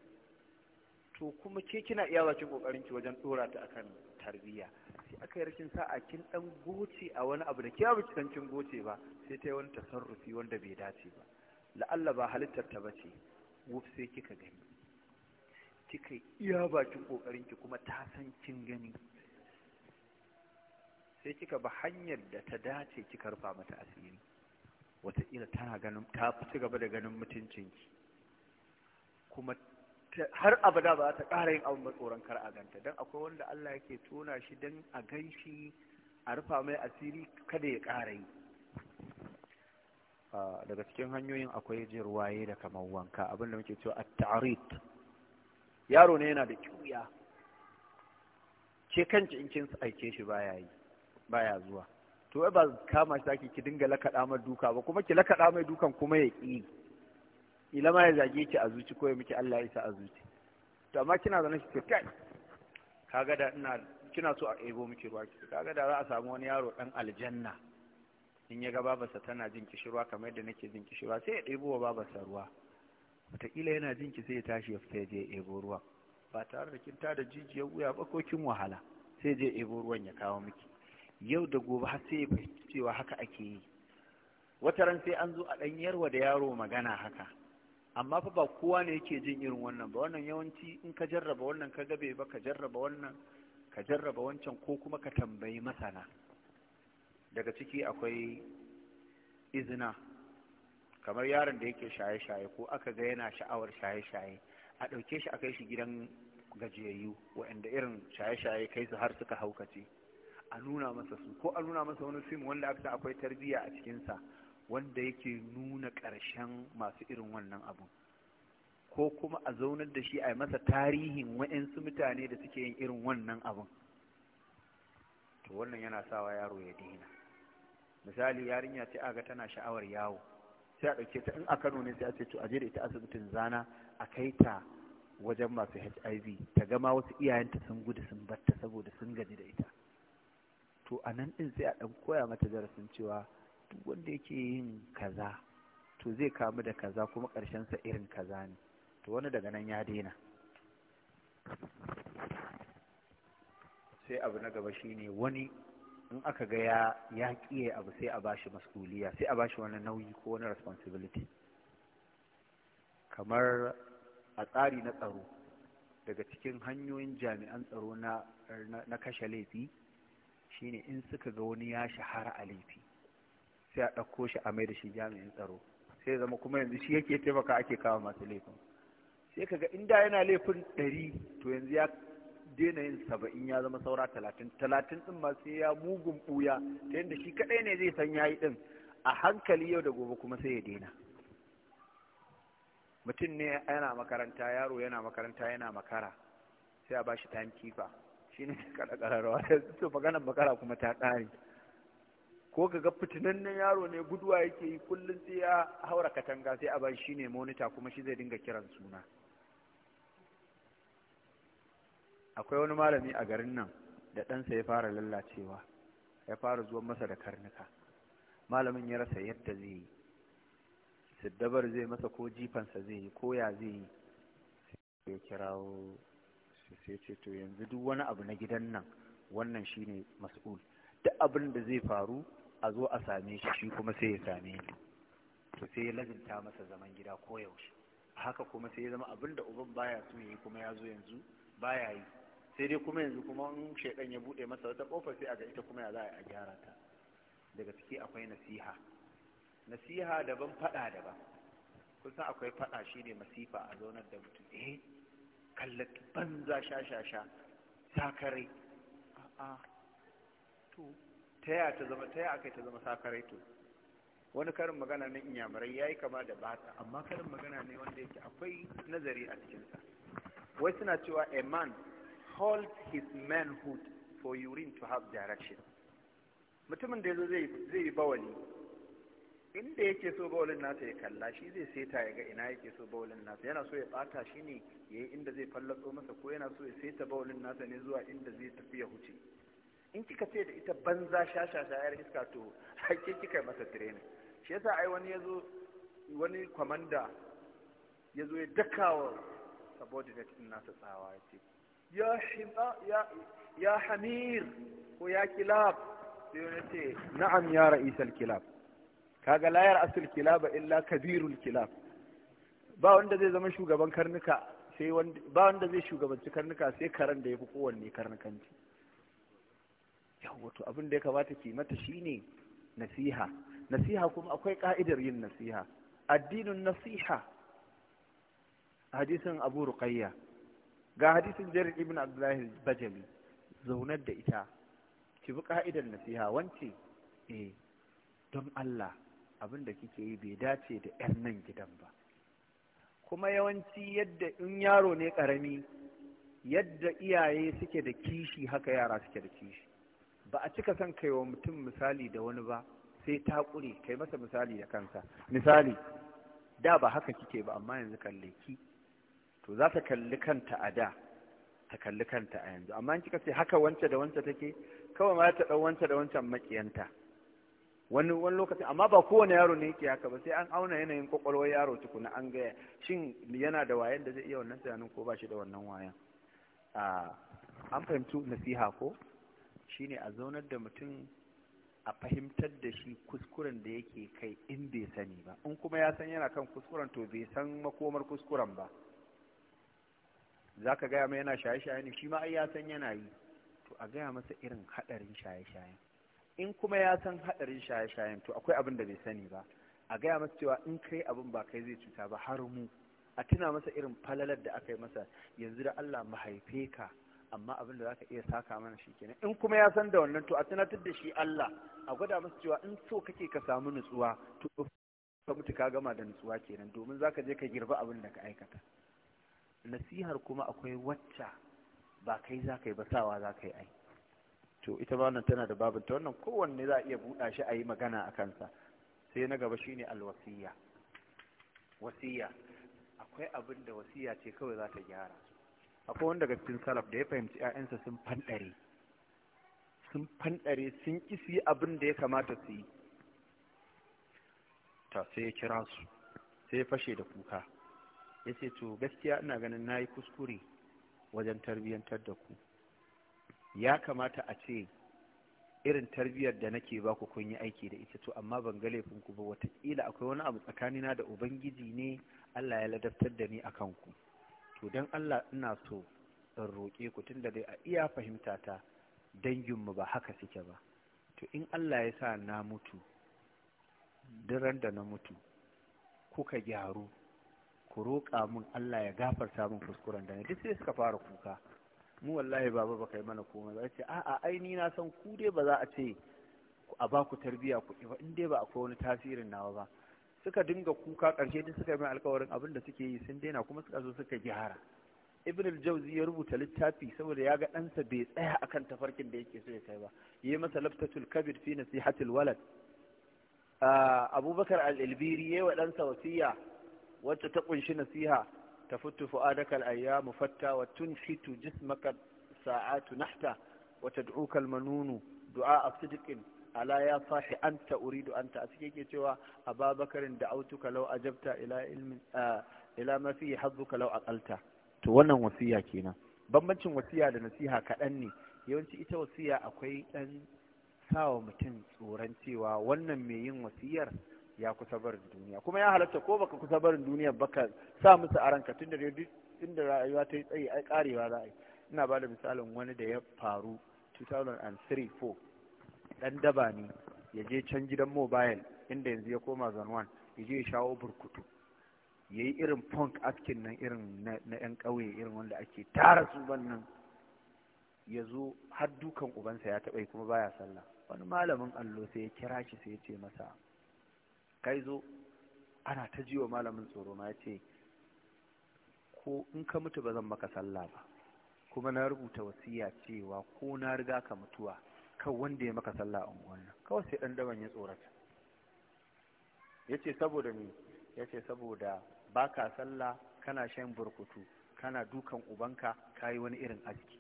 to kuma ke kina iya bakin kokarin ki wajen dora ta akan tarbiyya sai aka yi rashin sa'a kin dan goce a wani abu da kiya biki goce ba sai ta yi wani tasarrufi wanda bai dace ba la'alla ba halittar ta bace wuf sai kika gani kika iya bakin kokarin ki kuma ta san kin gani sai kika ba hanyar da ta dace kika rufa mata asiri ila tana ganin ta fi gaba da ganin mutuncinki kuma har abada ba ta ƙara yin abin matsoron kar a ganta don akwai wanda Allah yake tona shi don a gan shi a rufa mai asiri kada ya ƙara yi ah, daga cikin hanyoyin akwai jin waye da kamar wanka abin da muke cewa a tarit yaro ne yana da kyuya ke kan in aike shi baya yi zuwa to ba kama shi ki dinga lakaɗa mai duka ba kuma ki lakaɗa mai dukan kuma ya ƙi ila ma ya zage ki a zuci ko ya miki Allah ya sa a zuci to amma kina zaune ki kai kaga da ina kina so a ebo miki ruwa ki kaga da za a samu wani yaro dan aljanna in ya ga babarsa tana jin kishirwa kamar yadda nake jin kishirwa sai ya ɗebo wa babarsa ruwa wataƙila yana jin ki sai ya tashi ya fita ya je ebo ruwa ba tare da kin tada jijiyar wuya ba ko kin wahala sai je ebo ruwan ya kawo miki yau da gobe har sai ya fahimci cewa haka ake yi wata ran sai an zo a ɗan yarwa da yaro magana haka amma fa ba kowa ne yake jin irin wannan ba wannan yawanci in ka jarraba wannan ka gabe ba ka jarraba wannan ka jarraba wancan ko kuma ka tambayi masana daga ciki akwai izina kamar yaron da yake shaye-shaye ko aka ga yana sha'awar shaye-shaye a ɗauke shi a kai shi gidan gajiyayyu waɗanda irin shaye-shaye kai su har suka haukace a nuna masa su ko a nuna masa wani fim wanda aka akwai tarbiyya a cikinsa wanda yake nuna ƙarshen masu irin wannan abun ko kuma a zaunar da shi a masa tarihin wa'insu mutane da suke yin irin wannan abun to wannan yana sawa yaro ya dina misali yarinya ce aga tana sha'awar yawo sai a ɗauke ta in a kano ne sai a ce to je da ita asibitin zana a kai ta wajen masu hiv ta gama wasu iyayenta sun gudu sun batta saboda sun gaji da ita to a nan ɗin sai a ɗan koya mata darasin cewa duk wanda yake yin kaza to zai kamu da kaza kuma sa irin kaza ne to wani daga nan ya daina sai abu na gaba shine wani in aka ga ya ya kiye abu sai a bashi masuliya sai a bashi wani nauyi ko wani responsibility kamar a tsari na tsaro daga cikin hanyoyin jami'an tsaro na kashe laifi shine in suka ga wani ya shahara a laifi sai a ɗauko shi a mai da shi jami'in tsaro sai zama kuma yanzu shi yake taimaka ake kawo masu laifin sai kaga inda yana laifin ɗari to yanzu ya daina yin saba'in ya zama saura talatin talatin ɗin ma sai ya mugun ɓuya ta yadda shi kaɗai ne zai san yayi ɗin a hankali yau da gobe kuma sai ya daina mutum ne yana makaranta yaro yana makaranta yana makara sai a bashi time keeper shine kada [laughs] kararwa to maganar makara kuma ta ƙare ko ga fitinannen yaro ne guduwa yake yi kullum sai ya haura katanga sai a bai shi ne monita kuma shi zai dinga kiran suna akwai wani malami a garin nan da ɗansa ya fara lallacewa ya fara zuwan masa da karnuka malamin ya rasa yadda zai yi siddabar zai masa ko jifansa zai yi ko ya zai yi sai ya kirawo sai ce to yanzu duk wani abu na gidan nan wannan shine mas'ul duk abin da zai faru a zo a same shi shi kuma sai ya same ni to sai ya lazimta masa zaman gida ko yaushe haka kuma sai ya zama abin da uban baya so yi kuma ya zo yanzu baya yi sai dai kuma yanzu kuma in shaidan ya bude masa wata kofar sai a ga ita kuma ya za a gyara ta daga ciki akwai nasiha nasiha daban fada daban kusan akwai fada ne masifa a zaunar da mutum eh kallaki banza sha sha sha sakarai a'a to Ta yaya ta zama taya akai ta zama sakaraito wani karin magana na inyamurai ya yi kama da bata amma karin magana ne wanda yake akwai nazari a cikinsa wai suna cewa a man hold his manhood for urine to have direction mutumin da ya zo zai yi bawali inda yake so bawalin nasa ya kalla shi zai seta ya ga ina yake so bawalin nasa yana so ya bata shi ne ya yi inda zai fallaso masa ko yana so ya seta bawalin nasa ne zuwa inda zai tafi ya huce in kika ce da ita banza shashasha yar iska to haƙe kika masa training shi yasa ai wani yazo wani kwamanda ya zo ya dakawa subordinate din nasa tsawa ya ce ya hima ya ya hamir ko ya kilab sai wani ce na'am ya ra'isal kilab kaga la yar asul kilab illa kabirul kilab ba wanda zai zama shugaban karnuka sai wanda ba wanda zai shugabanci karnuka sai karen da yafi kowanne karnukanci yawa to abin da ya kamata ki mata shine nasiha nasiha kuma akwai ka'idar yin nasiha addinin nasiha hadisin abu ruqayya ga hadisin jarir ibn abdullahi bajali zaunar da ita ki bi ka'idar nasiha wance eh don Allah abin da kike yi bai dace da 'yan nan gidan ba kuma yawanci yadda in yaro ne karami yadda iyaye suke da kishi haka yara suke da kishi ba a cika son kai wa mutum misali da wani ba sai ta ƙure kai masa misali da kansa misali da ba haka kike ba amma yanzu kalle ki to za ta kalli kanta a da ta kalli kanta a yanzu amma kika ce haka wance da wance take kawai ma ta ɗau wance da wancan makiyanta wani wani lokaci amma ba kowane yaro ne yake haka ba sai an auna yanayin kwakwalwar yaro tukuna an gaya shin yana da wayan da zai iya wannan tunanin ko ba shi da wannan wayan ah, an fahimci nasiha ko shine a zaunar da mutum a fahimtar da shi kuskuren da yake kai in bai sani ba in kuma ya san yana kan kuskuren to bai san makomar kuskuren ba za ka gaya mai yana shaye-shaye ne shi ma ai ya san yana yi to a gaya masa irin haɗarin shaye shaye in kuma ya san haɗarin shaye shaye to akwai abin da bai sani ba a gaya masa cewa in kai abin ba kai zai cuta ba har mu a tuna masa irin falalar da aka yi masa yanzu da Allah mahaife ka amma abin da za ka iya saka mana shi kenan in kuma ya san da wannan to a tunatar da shi Allah a gwada masa cewa in so kake ka samu nutsuwa to ka mutu ka gama da nutsuwa kenan domin za ka je ka girba abin da ka aikata nasihar kuma akwai wacce ba kai za ka yi ba sawa za ka yi ai to ita ba tana da babin ta wannan kowanne za a iya buɗa shi a yi magana a kansa sai na gaba shine alwasiya wasiya akwai abin da wasiya ce kawai za ta gyara akwai wanda daga cikin salaf da ya fahimci ‘ya'yansa sun fanɗare sun fanɗare sun ƙi su yi abin da ya kamata su yi ta sai ya kira su sai ya fashe da kuka ya ce to gaskiya ina ganin na yi kuskure wajen tarbiyyantar da ku ya kamata a ce irin tarbiyyar da nake ba ku kun yi aiki da ita to amma ban ga laifinku ba wataƙila akwai wani abu tsakanina da ubangiji ne allah ya ladabtar da ni a kanku to don Allah ina so in roƙe ku tun da dai a iya fahimta ta danginmu ba haka suke ba to in Allah ya sa na mutu duran da na mutu kuka gyaru ku roƙa mun Allah ya gafarta mun kuskuren da ne duk sai suka fara kuka mu wallahi baba ba kai mana komai ba ce a'a ai ni na san ku dai ba za a ce a ba ku tarbiya ku ba in dai ba akwai wani tasirin nawa ba suka dinga kuka ƙarshe duk suka mai alkawarin abin da suke yi sun daina kuma suka zo suka gyara ibn al-jawzi ya rubuta littafi saboda ya ga ɗansa bai tsaya akan tafarkin da yake so ya kai ba yi masa laftatul kabir fi nasihatul walad abubakar al-ilbiri yayi wa ɗansa wasiya wacce ta kunshi nasiha tafuttu fu'adaka al-ayyamu fatta wa tunfitu jismaka sa'atu nahta wa tad'uka al-manunu du'a as-sidqin ala ya fahi anta uridu anta a cikin cewa ababakarin da autuka law ajabta ila ilmin ila ma fi hadduka law aqalta to wannan wasiya kenan bambancin wasiya da nasiha kaɗan ne yawanci ita wasiya akwai ɗan sawa mutum tsoron cewa wannan mai yin wasiyar ya kusa barin duniya kuma ya halatta ko baka kusa barin duniya baka sa musu a ranka tunda rayuwa ta yi tsayi ai karewa za a yi ina ba da misalin wani da ya faru 2003-4 dan daba ne ya je can gidan mobile inda yanzu ya koma zanwan ya je ya shawo burkutu ya yi irin punk askin nan irin na 'yan ƙauye irin wanda ake tara su nan ya zo har dukan ubansa ya taɓa kuma baya sallah wani malamin allo sai ya kira shi sai ya ce masa kai zo ana ta ji wa malamin tsoro ma ya ce ko in ka mutu ba zan maka sallah ba kuma na rubuta wasiya cewa ko na riga ka mutuwa kan wanda ya maka sallah a unguwan nan kawai sai dan ya tsorata yace saboda yace saboda baka sallah kana shan burkutu kana dukan ubanka kayi wani irin aski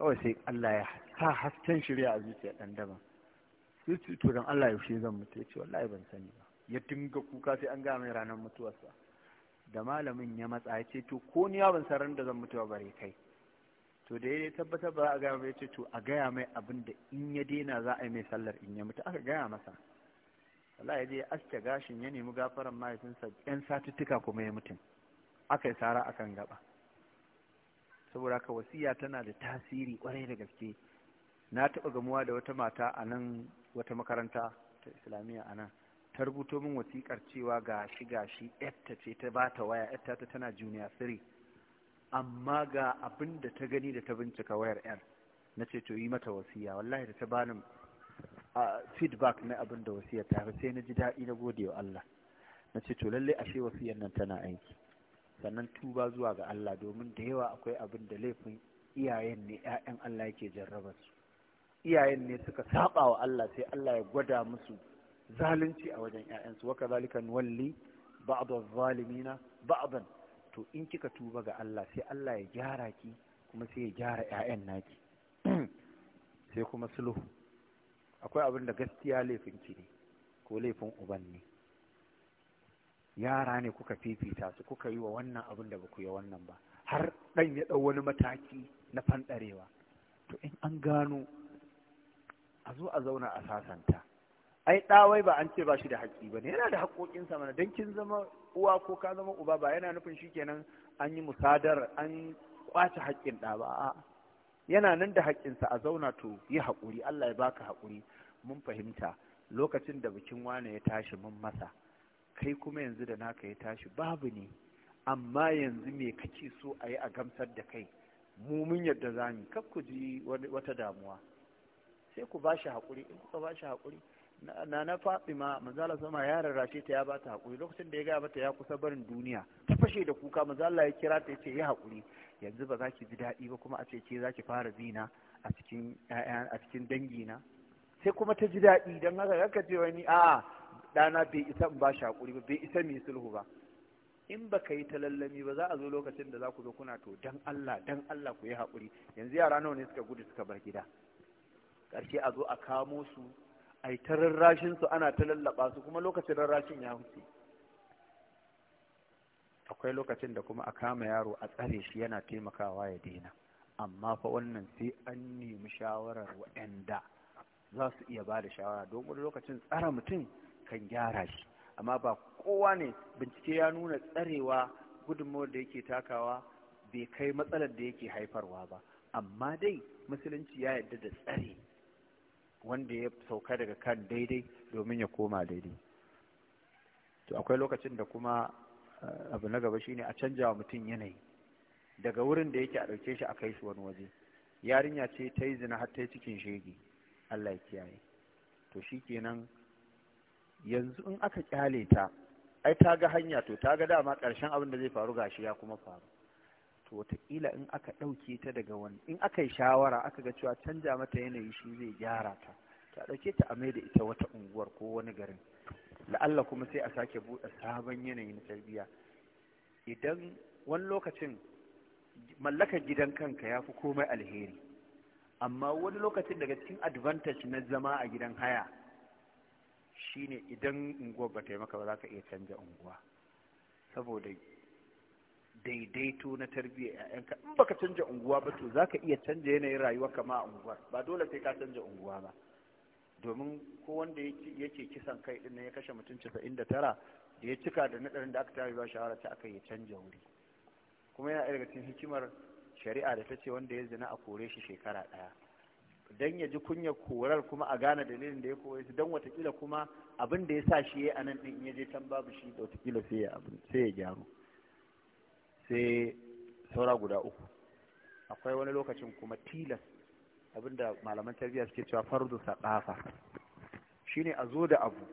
kawai sai Allah ya sa hasken shirya a zuciya dan daban sai to dan Allah ya zan mutu yace wallahi ban sani ba ya dinga kuka sai an ga mai ranar mutuwarsa da malamin ya matsa ya to ko ni ya ban san ran da zan mutuwa bare kai to da ya tabbatar ba a gaya mai ce to a gaya mai abin da in ya daina za a yi mai sallar in ya mutu aka gaya masa Allah ya je aske gashin ya nemi gafaran mahaifinsa yan satuttuka kuma ya mutum aka yi sara akan gaba saboda ka wasiya tana da tasiri kwarai da gaske na taɓa gamuwa da wata mata a nan wata makaranta ta islamiyya a nan ta rubuto min wasiƙar cewa gashi-gashi ga ce ta ba ta waya yarta ta tana juniya siri amma ga abin da ta gani da ta bincika wayar yar na ce to yi mata wasiya wallahi da ta bani feedback na abin da wasiya ta fi sai na ji daɗi na gode wa Allah na ce to lalle ashe wasiyar nan tana aiki sannan tuba zuwa ga Allah domin da yawa akwai abin da laifin iyayen ne ƴaƴan Allah yake jarraba su iyayen ne suka saba wa Allah sai Allah ya gwada musu zalunci a wajen ƴaƴansu wa kazalika nuwalli ba'd adh-dhalimina ba'dan to in kika tuba ga Allah sai Allah ya gyara ki kuma sai ya gyara ƴaƴan naki [clears throat] sai kuma sulhu akwai abin da gaskiya laifin ki ne ko laifin uban ne yara ne kuka fifita su kuka yi wa wannan abin da baku yi wannan ba har ɗan ya ɗau wani mataki na fanɗarewa to in an gano a zo a zauna a sasanta ai ɗawai ba an ce ba shi da haƙƙi ba ne yana da haƙƙoƙinsa mana don kin zama uwa ko ka zama uba ba yana nufin shi kenan an yi musadar an kwace haƙƙin ɗa ba yana nan da sa a zauna to yi haƙuri Allah ya baka haƙuri mun fahimta lokacin da bikin wane ya tashi mun masa kai kuma yanzu da naka ya tashi babu ne amma yanzu me kake so a yi a gamsar da kai mu mun yadda za mu kar ku ji wata damuwa sai ku ba shi haƙuri in kuka ba shi haƙuri na na Fatima manzala sama ya rarrashe ta ya ba ta hakuri lokacin da ya gaya ta ya kusa barin duniya ta fashe da kuka mazala ya kira ta ce ya hakuri yanzu ba za ki ji daɗi ba kuma a ce ke za ki fara zina a cikin a cikin dangina sai kuma ta ji daɗi don haka kaka ce wani a ɗana bai isa in ba shi hakuri ba bai isa mai sulhu ba in ba ka yi ta lallami ba za a zo lokacin da za ku zo kuna to dan Allah dan Allah ku yi hakuri yanzu yara nawa ne suka gudu suka bar gida ƙarshe a zo a kamo su a yi ana ta lallaba su kuma lokacin rarrashin ya wuce akwai lokacin da kuma a kama yaro a tsare shi yana taimakawa ya daina amma fa wannan sai an nemi shawarar waɗanda za su iya ba da shawara don domin lokacin tsara mutum kan gyara shi amma ba kowa ne bincike ya nuna tsarewa gudunmawar da yake takawa bai kai matsalar da yake haifarwa ba amma dai musulunci ya yarda da tsare wanda ya sauka daga kan daidai domin ya koma daidai to akwai lokacin da kuma eh, abu na gaba shine a canja wa mutum yanayi daga wurin da yake a ɗauke shi a kai su wani waje yarinya ce ta yi zina har ta yi cikin shege Allah ya kiyaye to shikenan yanzu in aka kyale ta ai ta ga hanya to ta ga dama karshen abin da zai faru gashi ya kuma faru to wataƙila in aka ɗauke ta daga wani in aka yi shawara aka ga cewa canja mata yanayi shi zai gyara ta ta ɗauke ta a mai da ita wata unguwar ko wani garin la'alla kuma sai a sake buɗe sabon yanayi na tarbiyya idan wani lokacin mallakar gidan kanka ya fi komai alheri amma wani lokacin daga cikin advantage na zama a gidan haya shine idan unguwar ba ta yi maka ba za ka iya canja unguwa saboda daidaito na tarbiyya tarbiyyar yanka in baka canja unguwa ba to za ka iya canja yanayin rayuwa kama a unguwa ba dole sai ka canja unguwa ba domin ko wanda yake kisan kai ɗin ya kashe mutum casa'in da tara da ya cika da naɗarin da aka tare ba shahara ta aka yi canja wuri kuma yana daga cikin hikimar shari'a da ta ce wanda ya zina a kore shi shekara ɗaya dan ya ji kunya korar kuma a gane dalilin da ya koya su don watakila kuma abin da ya sa shi ya anan ɗin ya je can babu shi watakila sai ya sai ya gyaru sai saura guda uku akwai wani lokacin kuma tilas abinda malaman tarbiyya suke cewa fardu saqafa shine a zo da abu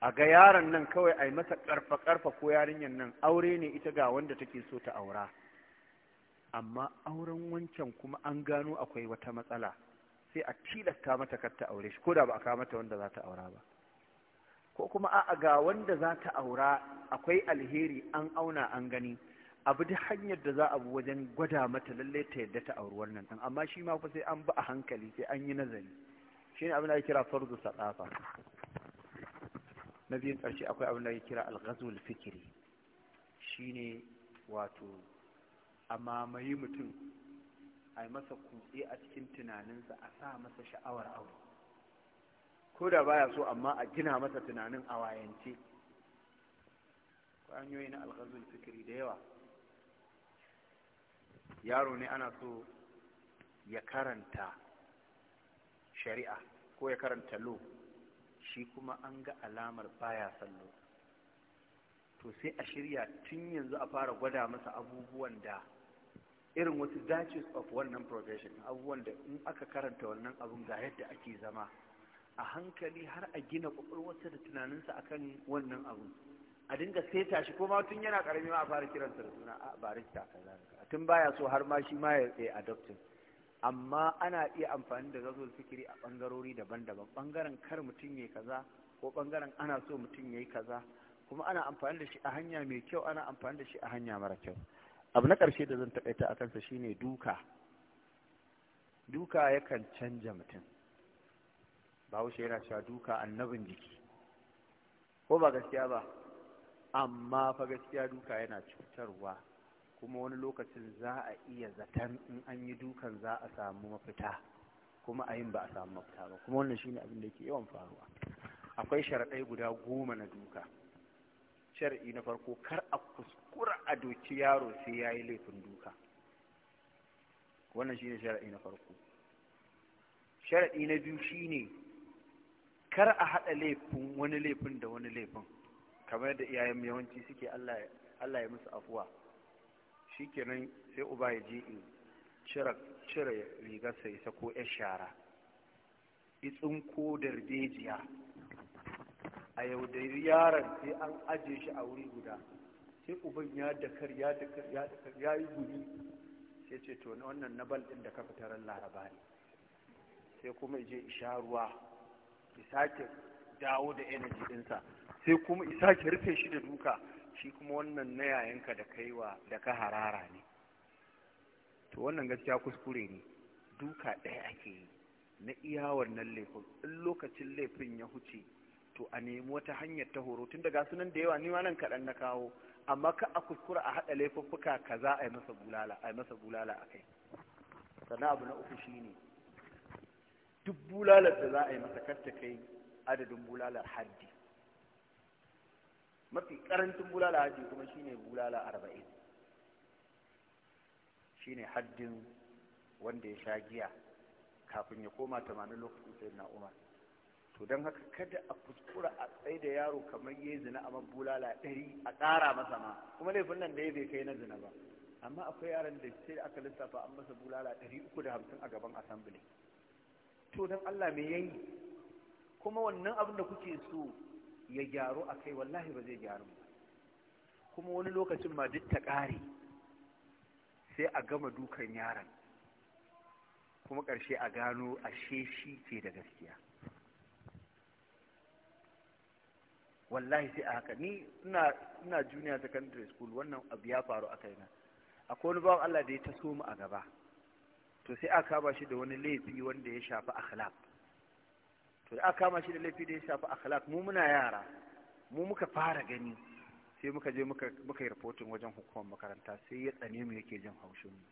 a ga yaron nan kawai a yi masa karfa karfa ko yarinyar nan aure ne ita ga wanda take so ta aura amma auren wancan kuma an gano akwai wata matsala sai a tilasta mata kar ta aure shi ko da ba a kawo mata wanda za ta aura ba ko kuma a ga wanda za ta aura akwai alheri an auna an gani abu da hanyar da za a bi wajen gwada mata lalle ta yadda ta auri wannan ɗan amma shi ma sai an ba a hankali sai an yi nazari shi ne abin da ya kira farzu saɗafa na biyun ƙarshe akwai abin da ya kira alghazul fikiri shi ne wato a mamaye mutum a yi masa kutse a cikin tunaninsa a sa masa sha'awar aure ko da baya so amma a gina masa tunanin a wayance hanyoyi na alghazul fikiri da yawa yaro ne ana so ya karanta shari'a ko ya karanta lo shi kuma an ga alamar baya sallo to sai a shirya tun yanzu a fara gwada masa abubuwan da irin wasu dachis of wannan profession abubuwan da in aka karanta wannan abun ga yadda ake zama a hankali har a gina kwakwalwarsa da tunaninsa akan wannan abu a dinga sai tashi, ko ma tun yana karami ma a fara kiransa da suna a barista kaza tun baya so har ma shi ma ya tsaye adoptin amma ana iya amfani da zazzol fikiri a bangarori daban-daban bangaren kar mutum ya kaza ko bangaren ana so mutum ya yi kaza kuma ana amfani da shi a hanya mai kyau ana amfani da shi a hanya mara kyau abu na ƙarshe da zan taƙaita a kansa shine duka duka yakan canja mutum bahaushe yana cewa duka annabin jiki ko ba gaskiya ba amma fa gaskiya duka yana cutarwa kuma wani lokacin za a iya zaton in an yi dukan za a samu mafita kuma a yin ba a samu mafita ba kuma wannan shine abin da yake yawan faruwa akwai sharaɗai guda goma na duka shari'i na farko kar a kuskura a doki yaro sai ya yi laifin duka wannan shine sharaɗi na farko Sharaɗi na biyu shine kar a haɗa laifin wani laifin da wani laifin kamar da iyayen yawanci suke Allah ya musu afuwa shikenan sai uba ya je in cire rigarsa ya ko ya shara itsin ko darbejiya a yaudari yaron sai an aje shi a wuri guda sai uban ya dakar ya dakar ya dakar ya yi guri sai ce to wannan na bal ɗin da ka fitarar laraba sai kuma je isharuwa. ruwa isake sake dawo da energy ɗinsa sai kuma isake sake rufe shi da duka shi kuma wannan na yayanka da kaiwa da ka harara ne to wannan gaskiya kuskure ne duka ɗaya ake yi na iya wannan laifin in lokacin laifin ya huce to a nemi wata hanyar ta horo tun daga sunan da yawa nima nan kaɗan na kawo amma ka a kuskura a haɗa laifuffuka kaza a bulala a yi masa bulala a kai sannan abu na uku ne. duk bulalar da za a yi masa kar kai adadin bulalar haddi mafi karancin bulala haddi kuma shine bulala arba'in shine haddin wanda ya sha giya kafin ya koma tamanin lokacin sai na umar to don haka kada a kuskura a tsaye da yaro kamar ya zina a bulala ɗari a ƙara masa ma kuma laifin nan da ya bai kai na zina ba amma akwai yaran da sai aka lissafa an masa bulala ɗari uku da hamsin a gaban asambili to dan Allah me yayi kuma wannan abin da kuke so ya gyaru akai wallahi ba zai gyaru ba kuma wani lokacin ma duk ta kare sai a gama dukan yaran kuma ƙarshe a gano ashe shi ce da gaskiya wallahi sai a haka ni ina junior secondary school wannan abu ya faru a kaina akwai wani bawan Allah da ya taso mu a gaba to sai aka kama shi da wani laifi wanda ya shafi akhlaq to da aka kama shi da laifi da ya shafi akhlaq mu muna yara mu muka fara gani sai muka je muka muka yi wajen hukumar makaranta sai ya tsane mu yake jin haushin mu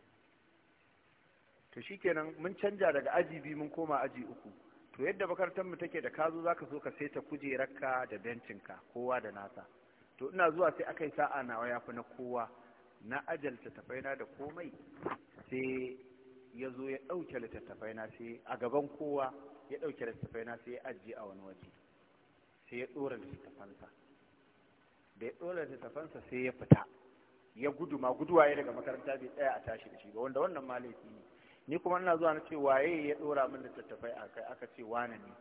to shikenan mun canja daga aji biyu mun koma aji uku to yadda makarantar mu take da kazo zaka so ka saita kujerarka da ka, kowa da nasa to ina zuwa sai aka yi sa'a nawa yafi na kowa na ajalta tafaina da komai sai ya zo ya ɗauke littattafai na sai a gaban kowa ya ɗauke littattafai na sai ya ajiye a wani waje sai ya ɗora littattafansa da ya ɗora littattafansa sai ya fita ya gudu ma guduwa ya daga makaranta bai tsaya a tashi da shi ba wanda wannan laifi ne ni kuma ina zuwa na ce waye ya ɗora min littattafai a kai aka ce wane ne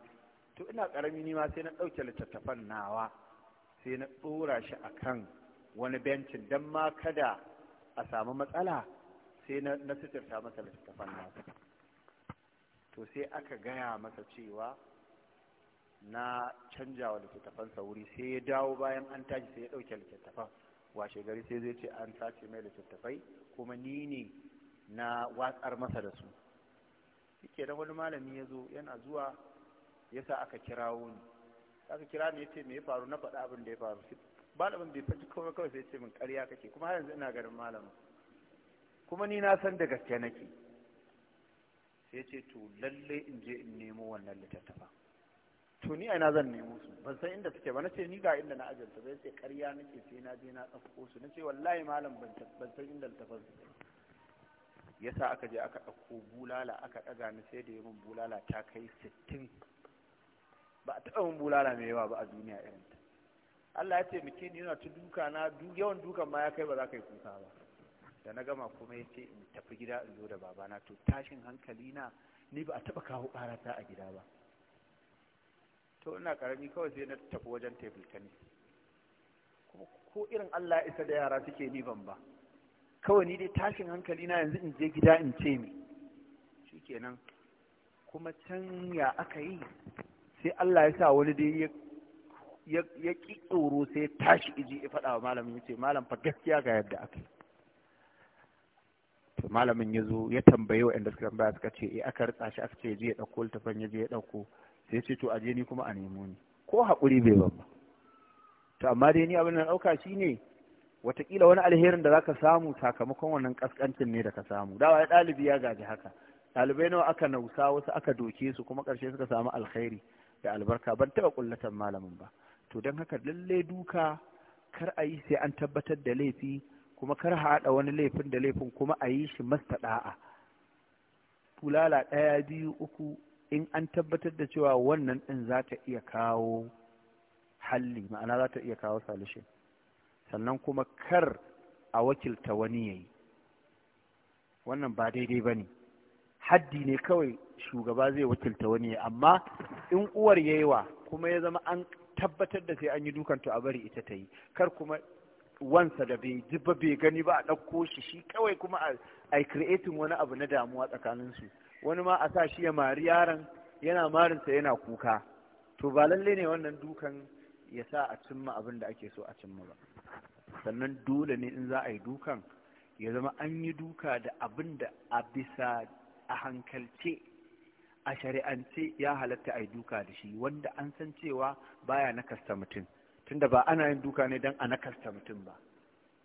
to ina ƙarami ni ma sai na ɗauke littattafan nawa sai na ɗora shi akan wani bencin dan ma kada a samu matsala sai na suturta masa littattafan nasa to sai aka gaya masa cewa na canja wa littattafansa wuri sai ya dawo bayan an tashi sai ya ɗauke littattafan washe gari sai zai ce an sace mai littattafai kuma ni ne na watsar masa da su yake da wani malami ya zo yana zuwa ya sa aka kira wuni aka kira ni ya ce me ya faru na faɗa abin da ya faru malamin bai faɗi kawai kawai sai ce min ƙarya kake kuma har yanzu ina garin malamin kuma ni na san da gaske nake sai ce to lalle in je in nemo wannan littattafa to ni aina zan nemo su ban san inda suke ba nace ni ga inda na ajanta bai sai ƙarya nake sai na je na ɗauko su nace wallahi malam ban san inda littattafan su yasa aka je aka ɗauko bulala aka ɗaga ni sai da yamin bulala ta kai sittin ba a taɓa min bulala mai yawa ba a duniya irin ta Allah ya taimake ni yana ta duka na yawan dukan ma ya kai ba za ka yi kusa ba da na gama kuma ya ce in tafi gida in zo da babana to tashin hankali na ni ba a taɓa kawo ƙarata a gida ba to ina ƙarami kawai sai na tafi wajen tebul tennis kuma ko irin Allah ya isa da yara suke ni ban ba kawai ni dai tashin hankali na yanzu in je gida in ce mi shikenan kuma can ya aka yi sai Allah ya sa wani dai ya ya ki tsoro sai tashi iji ya faɗa wa malamin ya ce malam fa gaskiya ga yadda aka yi to malamin ya zo ya tambaye inda suka tambaya suka ce eh aka ritsa shi aka ce je ya ɗauko littafin ya je ya ɗauko sai ce to aje ni kuma a nemo ni ko hakuri bai ban ba to amma dai ni abin da ɗauka shi ne watakila wani alherin da zaka samu sakamakon wannan kaskancin ne da ka samu da wai ɗalibi ya gaji haka ɗalibai nawa aka nausa wasu aka doke su kuma karshe suka samu alkhairi da albarka ban taɓa ƙullatan malamin ba to dan haka lalle duka kar a yi sai an tabbatar da laifi kuma kar haɗa wani laifin da laifin kuma a yi shi masta ɗa'a fulala ɗaya biyu uku in an tabbatar da cewa wannan ɗin za ta iya kawo halli ma'ana za ta iya kawo salishin sannan kuma kar a wakilta wani yayi wannan ba daidai ba ne haddi ne kawai shugaba zai wakilta wani ya amma in uwar wa kuma ya zama an tabbatar da sai an yi dukan to a bari ita ta yi kar kuma wansa da bai ji bai gani ba a ɗauko shi shi kawai kuma a creating wani abu na damuwa tsakanin su wani ma a sa shi ya mari yaron yana marinsa yana kuka to ba lalle ne wannan dukan ya sa a cimma abin da ake so a cimma ba sannan dole ne in za a yi dukan ya zama an yi duka da abin da a bisa a hankalce a shari'ance ya halatta a yi duka da shi wanda an san cewa baya kasta mutum tunda ba ana yin duka ne don a nakasta mutum ba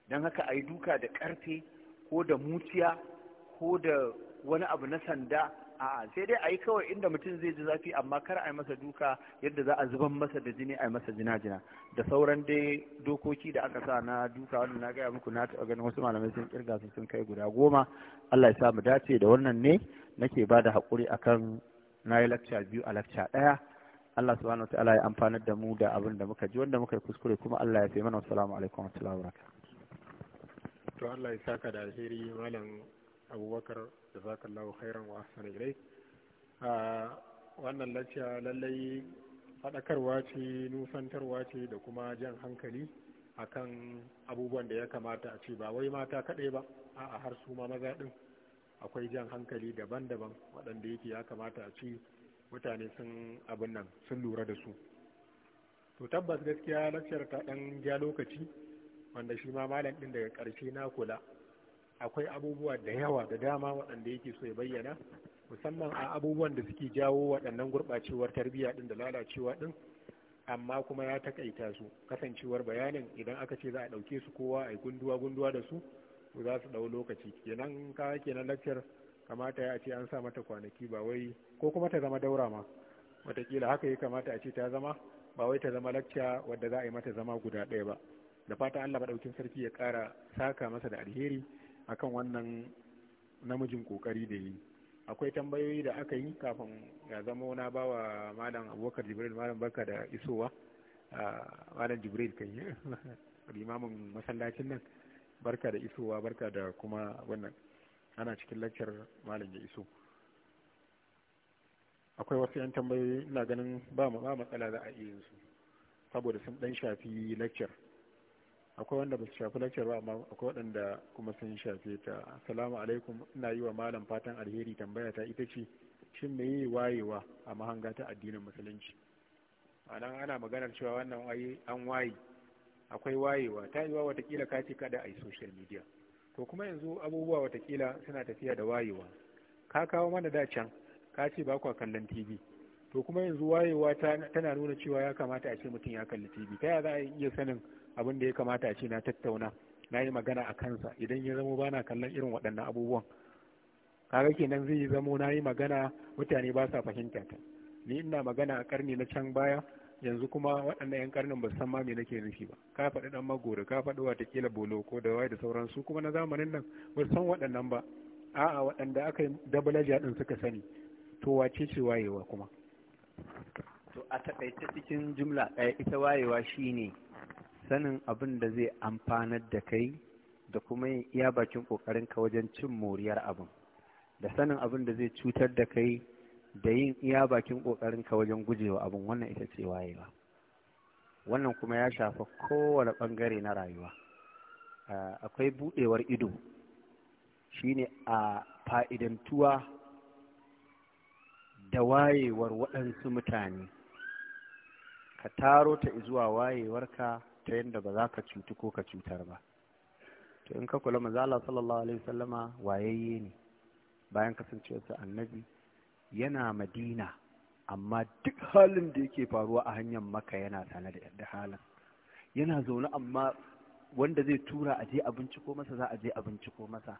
don haka a yi duka da ƙarfe ko da mutiya ko da wani abu na sanda a sai dai a yi kawai inda mutum zai ji zafi amma kar a yi masa duka yadda za a zuban masa da jini a yi masa jina-jina da sauran dai dokoki da aka sa na duka wanda na gaya muku na taɓa ganin wasu malamai sun kirga su sun kai guda goma Allah ya sa mu dace da wannan ne nake ba da haƙuri akan na yi lakca biyu a lakca ɗaya Allah subhanahu ta'ala ya amfanar da mu da abin da muka ji wanda muka yi kuskure kuma Allah ya fi mana assalamu alaikum wa rahmatullahi wa to Allah ya saka da alheri malam Abubakar da lau khairan wa ahsana ilaik ah, wannan lacca lallai faɗakarwa ce nusantarwa ce da kuma jan hankali akan abubuwan da ya kamata a ce ba wai mata kaɗai ba a'a har su ma maza ɗin akwai jan hankali daban-daban waɗanda yake ya kamata a ce mutane sun abin nan sun lura da su to tabbas gaskiya lakcar ta ɗan ja lokaci wanda shi ma malam ɗin daga ƙarshe na kula akwai abubuwa da yawa da dama waɗanda yake so ya bayyana musamman a abubuwan da suke jawo waɗannan gurɓacewar tarbiyya ɗin da lalacewa ɗin amma kuma ya takaita su kasancewar bayanin idan aka ce za a ɗauke su kowa a yi gunduwa gunduwa da su to za su ɗau lokaci kenan ka kenan lakcar kamata ya ce an sa mata kwanaki ba wai ko kuma ta zama daura ma watakila haka ya kamata a ce ta zama ba wai ta zama lacca wadda za a yi mata zama guda ɗaya ba da fata allah maɗaukin sarki ya ƙara saka masa da alheri akan wannan namijin ƙoƙari da yi akwai tambayoyi da aka yi kafin ya zama na ba wa malam abubakar jibril malam barka da isowa ah, malam jibril kan yi [laughs] limamin masallacin nan barka da isowa barka da kuma wannan ana cikin lakcar malam ya iso akwai wasu 'yan tambayoyi ina ganin ba ma matsala za a iya yin su saboda sun dan shafi laccar akwai wanda ba su shafi laccar ba amma akwai waɗanda kuma sun shafe ta Salamu alaikum ina yi wa malam fatan alheri tambaya ta ita ce shin me yi wayewa a mahanga ta addinin musulunci anan ana maganar cewa wannan an waye akwai wayewa ta yi wa watakila ka ce kada a yi social media to kuma yanzu abubuwa watakila suna tafiya da wayewa ka kawo mana da can ka ce ba kwa kallon tv to kuma yanzu wayewa tana nuna cewa ya kamata a ce mutum ya kalli tv ta yaya za a iya sanin abin da ya kamata a ce na tattauna na yi magana a kansa idan ya zamo ba na kallon irin waɗannan abubuwan kaga kenan zai zamo na yi magana mutane ba sa fahimta ta ni ina magana a karni na can baya yanzu kuma waɗannan yan karnin ba san ma me nake nufi ba ka faɗi dan magoro ka faɗi watakila bolo ko da wai da sauransu kuma na zamanin nan ba san waɗannan ba a'a waɗanda aka yi dabalaja ɗin suka sani to wace ce wayewa kuma to a taƙaice cikin jumla ɗaya ita wayewa shine sanin abin da zai amfanar da kai da kuma iya bakin ƙoƙarinka wajen cin moriyar abin da sanin abin da zai cutar da kai da yin iya bakin ka wajen gujewa abin wannan ita ce wayewa wannan kuma ya shafa kowane ɓangare na rayuwa akwai buɗewar ido shine a fa'idantuwa da wayewar waɗansu mutane ka taro ta zuwa wayewarka ta yadda ba za ka cutu ko ka cutar ba to in ka kula mazala sallallahu alaihi wasallama wayayye ne bayan kasancewarsa annabi yana madina amma duk halin da yake faruwa a hanyar maka yana sane da yadda halin yana zaune amma wanda zai tura a je a binciko masa za a je a binciko masa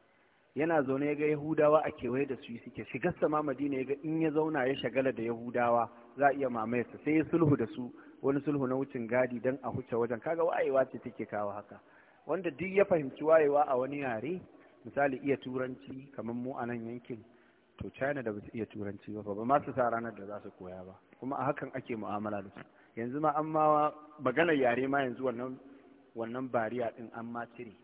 yana zaune ya ga yahudawa a kewaye da su suke shigar sama madina ya ga in ya zauna ya shagala da yahudawa za a iya mamayarsa sai ya sulhu da su wani sulhu na wucin gadi dan a huce wajen kaga wayewa ce take kawo haka wanda duk ya fahimci wayewa a wani yare misali iya turanci kamar mu a nan yankin to china da ba su iya turanci ba ba ma su sa ranar da za su koya ba kuma a hakan ake mu'amala da su yanzu ma an ma maganar yare ma yanzu wannan bariya din an ma cire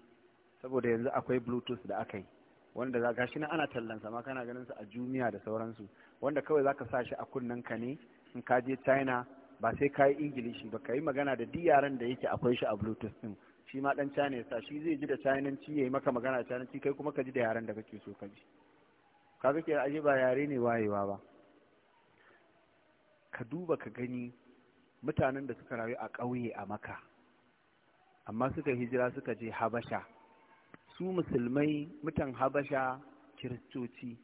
saboda yanzu akwai bluetooth da aka yi wanda za shi na ana tallansa ma kana ganin su a jumiya da sauransu wanda kawai zaka sa shi a kunnen ka ne in ka je china ba sai ka yi ingilishi ba ka yi magana da duk yaran da yake akwai shi a bluetooth din shi ma dan china ya sa shi zai ji da chinanci ya yi maka magana da chinanci kai kuma ka ji da yaran da kake so ka ji ka ke aje ba yare ne wayewa ba ka duba ka gani mutanen da suka rayu a ƙauye a maka amma suka hijira suka je habasha su musulmai mutan habasha kiristoci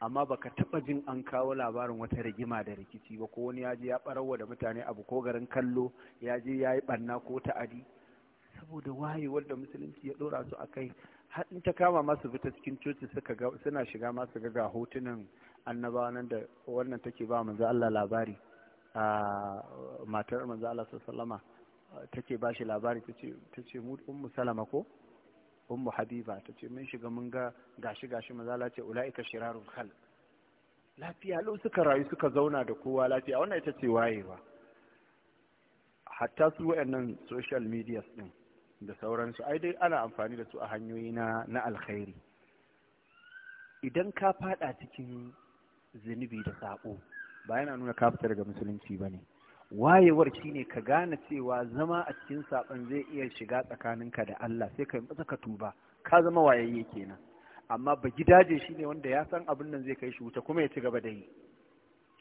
amma baka taɓa jin an kawo labarin wata rigima da rikici ba ko wani ya je ya ɓarawa da mutane abu ko garin kallo ya je ya yi ɓanna ko ta'adi saboda wayewar da musulunci ya ɗora su a kai in ta kama masu fita cikin coci suna shiga masu ga hotunan annabawa nan da wannan take ba manzo Allah labari a matar manzo Allah sallama take ba shi labari ta ce mu ummu salama ko ummu habiba ta ce mun shiga mun ga gashi gashi manzo Allah ce ulaika shirarul khal lafiya lau suka rayu suka zauna da kowa lafiya wannan ita ce wayewa hatta su wayannan social media din da sauransu ai dai ana amfani da su a hanyoyi na na alkhairi idan ka fada cikin zunubi da sako ba yana nuna ka fita daga musulunci ne. wayewar shi ne ka gane cewa zama a cikin saban zai iya shiga tsakaninka da Allah sai ka yi ka tuba ka zama wayayye kenan amma ba gidaje shi ne wanda ya san abin nan zai kai shi wuta kuma ya ci gaba da yi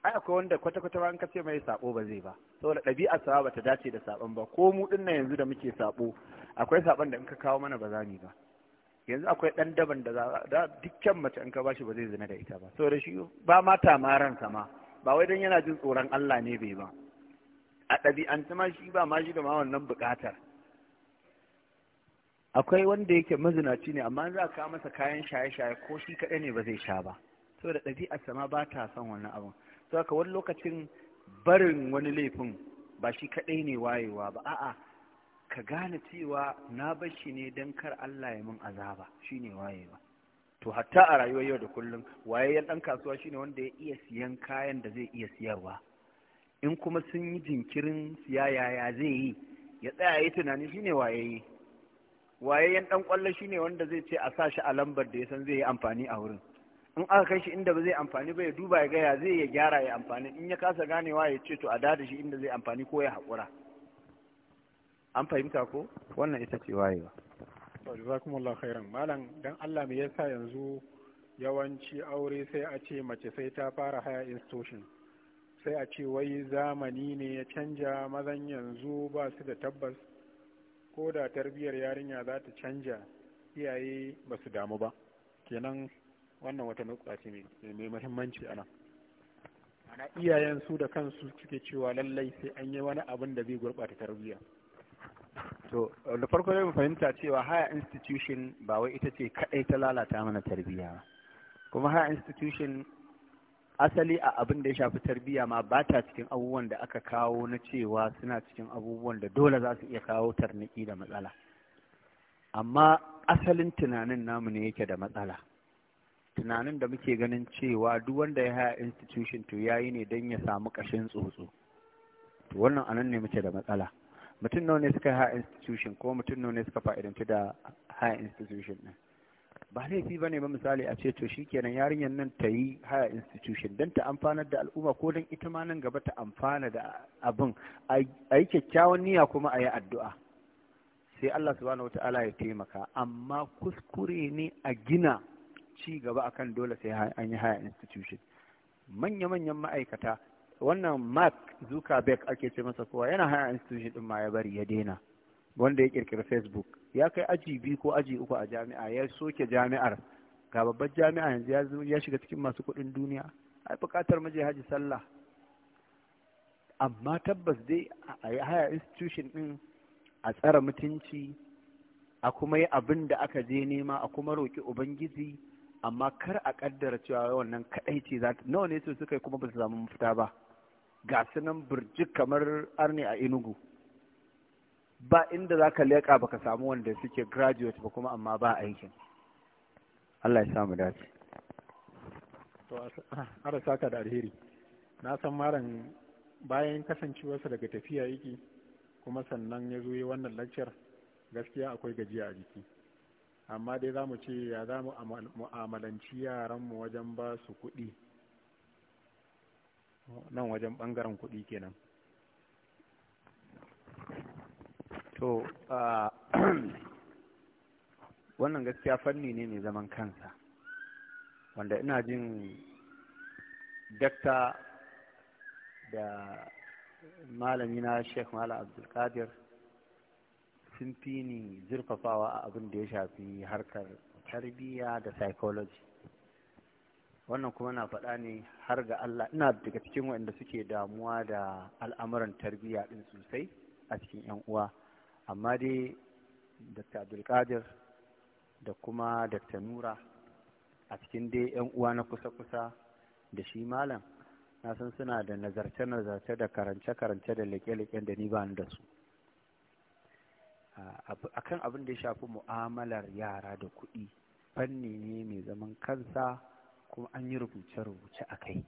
ai akwai wanda kwata-kwata ba an kace mai sabo ba zai ba saboda ɗabi'a sa ba ta dace da sabon ba ko mu dinnan yanzu da muke sabo akwai sabon da in ka kawo mana ba za ni ba yanzu akwai dan daban da za dukkan mace in ka bashi ba zai zina da ita ba saboda shi ba ma tamaran ma ba wai dan yana jin tsoron Allah ne bai ba a ɗabi'anta ma shi ba ma shi da ma wannan buƙatar akwai wanda yake mazinaci ne amma za ka masa kayan shaye-shaye ko shi kaɗai ne ba zai sha ba saboda ɗabi'a sama ba ta son wannan abin saka wani lokacin barin wani laifin ba shi kaɗai ne wayewa ba a'a ka gane cewa na bar shi ne don kar Allah ya mun azaba shi ne wayewa to hatta a rayuwar yau da kullum wayayyen ɗan kasuwa shine wanda ya iya siyan kayan da zai iya siyarwa in kuma sun yi jinkirin siya yaya zai yi ya tsaya yi tunani shine wayayye wayayyen ɗan ƙwallo shine wanda zai ce a sa shi a lambar da ya san zai yi amfani a wurin in aka kai shi inda ba zai amfani ba ya duba ya gaya zai ya gyara ya amfani in ya kasa ganewa ya ce to a dada shi inda zai amfani ko ya haƙura an fahimta ko wannan ita ce wayewa to jazakumullahu khairan malam dan Allah me yasa yanzu yawanci aure sai a ce mace sai ta fara haya institution sai a ce wai zamani ne ya canja mazan yanzu ba su da tabbas ko da tarbiyyar yarinya za ta canja iyaye ba su damu ba kenan wannan wata nukwa ce mai mahimmanci a ana iyayen su da kansu suke cewa lallai sai an yi wani abin da zai gurɓata tarbiyya to da farko zai fahimta cewa haya institution ba wai ita ce kaɗai ta lalata mana tarbiyya kuma haya institution asali a abin da ya shafi tarbiyya ma ba ta cikin abubuwan da aka kawo na cewa suna cikin abubuwan da dole za su iya kawo tarniki da matsala amma asalin tunanin namu ne yake da matsala tunanin da muke ganin cewa duk wanda ya haya institution to yayi ne don ya samu kashin tsotso to wannan anan ne muke da matsala mutum nawa ne suka haya institution ko mutum nawa ne suka fa'idanci da haya institution din ba laifi bane ba misali a ce to shikenan yarinyar nan ta yi haya institution don ta amfanar da al'umma ko don ita ma nan gaba ta amfana da abin a yi kyakkyawan niyya kuma a yi addu'a sai Allah subhanahu wata'ala ya taimaka amma kuskure ne a gina ci gaba akan dole sai an yi haya institution manya-manyan ma'aikata wannan mark zuckerberg ake ce masa kowa yana haya institution din ma ya bari ya daina wanda ya kirkiri facebook ya kai aji biyu ko aji uku a jami'a ya soke jami'ar ga babbar jami'a yanzu ya shiga cikin masu kuɗin duniya ai buƙatar maje haji sallah amma tabbas dai a yi haya institution din a tsara mutunci a kuma yi abin da aka je nema a kuma roƙi ubangiji amma kar a kaddara cewa wannan kadai ce za ta nawa ne su suka kuma ba su samu mafita ba ga su nan burjik kamar arne a inugu ba inda za ka leƙa ka samu wanda suke graduate ba kuma amma ba aikin Allah ya sa mu dace to ara saka da alheri na san maran bayan kasancewarsa daga tafiya yake kuma sannan ya zo yi wannan lecture gaskiya akwai gajiya a jiki amma dai za mu ce ya za mu mu'amalanci yaranmu wajen ba su kuɗi nan wajen ɓangaren kuɗi kenan to [clears throat] wannan gaskiya fanni ne mai zaman kansa wanda ina jin dakta da malamina na sheikh Malam abdulkadir sun fi ni zurfafawa a abin da ya shafi harkar tarbiyya da psychology wannan kuma na faɗa ne har ga Allah ina daga cikin waɗanda suke damuwa da al'amuran tarbiyya ɗin sosai a cikin 'yan uwa amma dai dr abdulkadir da kuma dr nura a cikin dai 'yan uwa na kusa-kusa da shi malam na san suna da nazarce-nazarce da karance-karance da leƙe-leƙen da ni ba da su akan abin da ya shafi mu'amalar yara da kuɗi fanni ne mai zaman kansa kuma an yi rubuce-rubuce a kai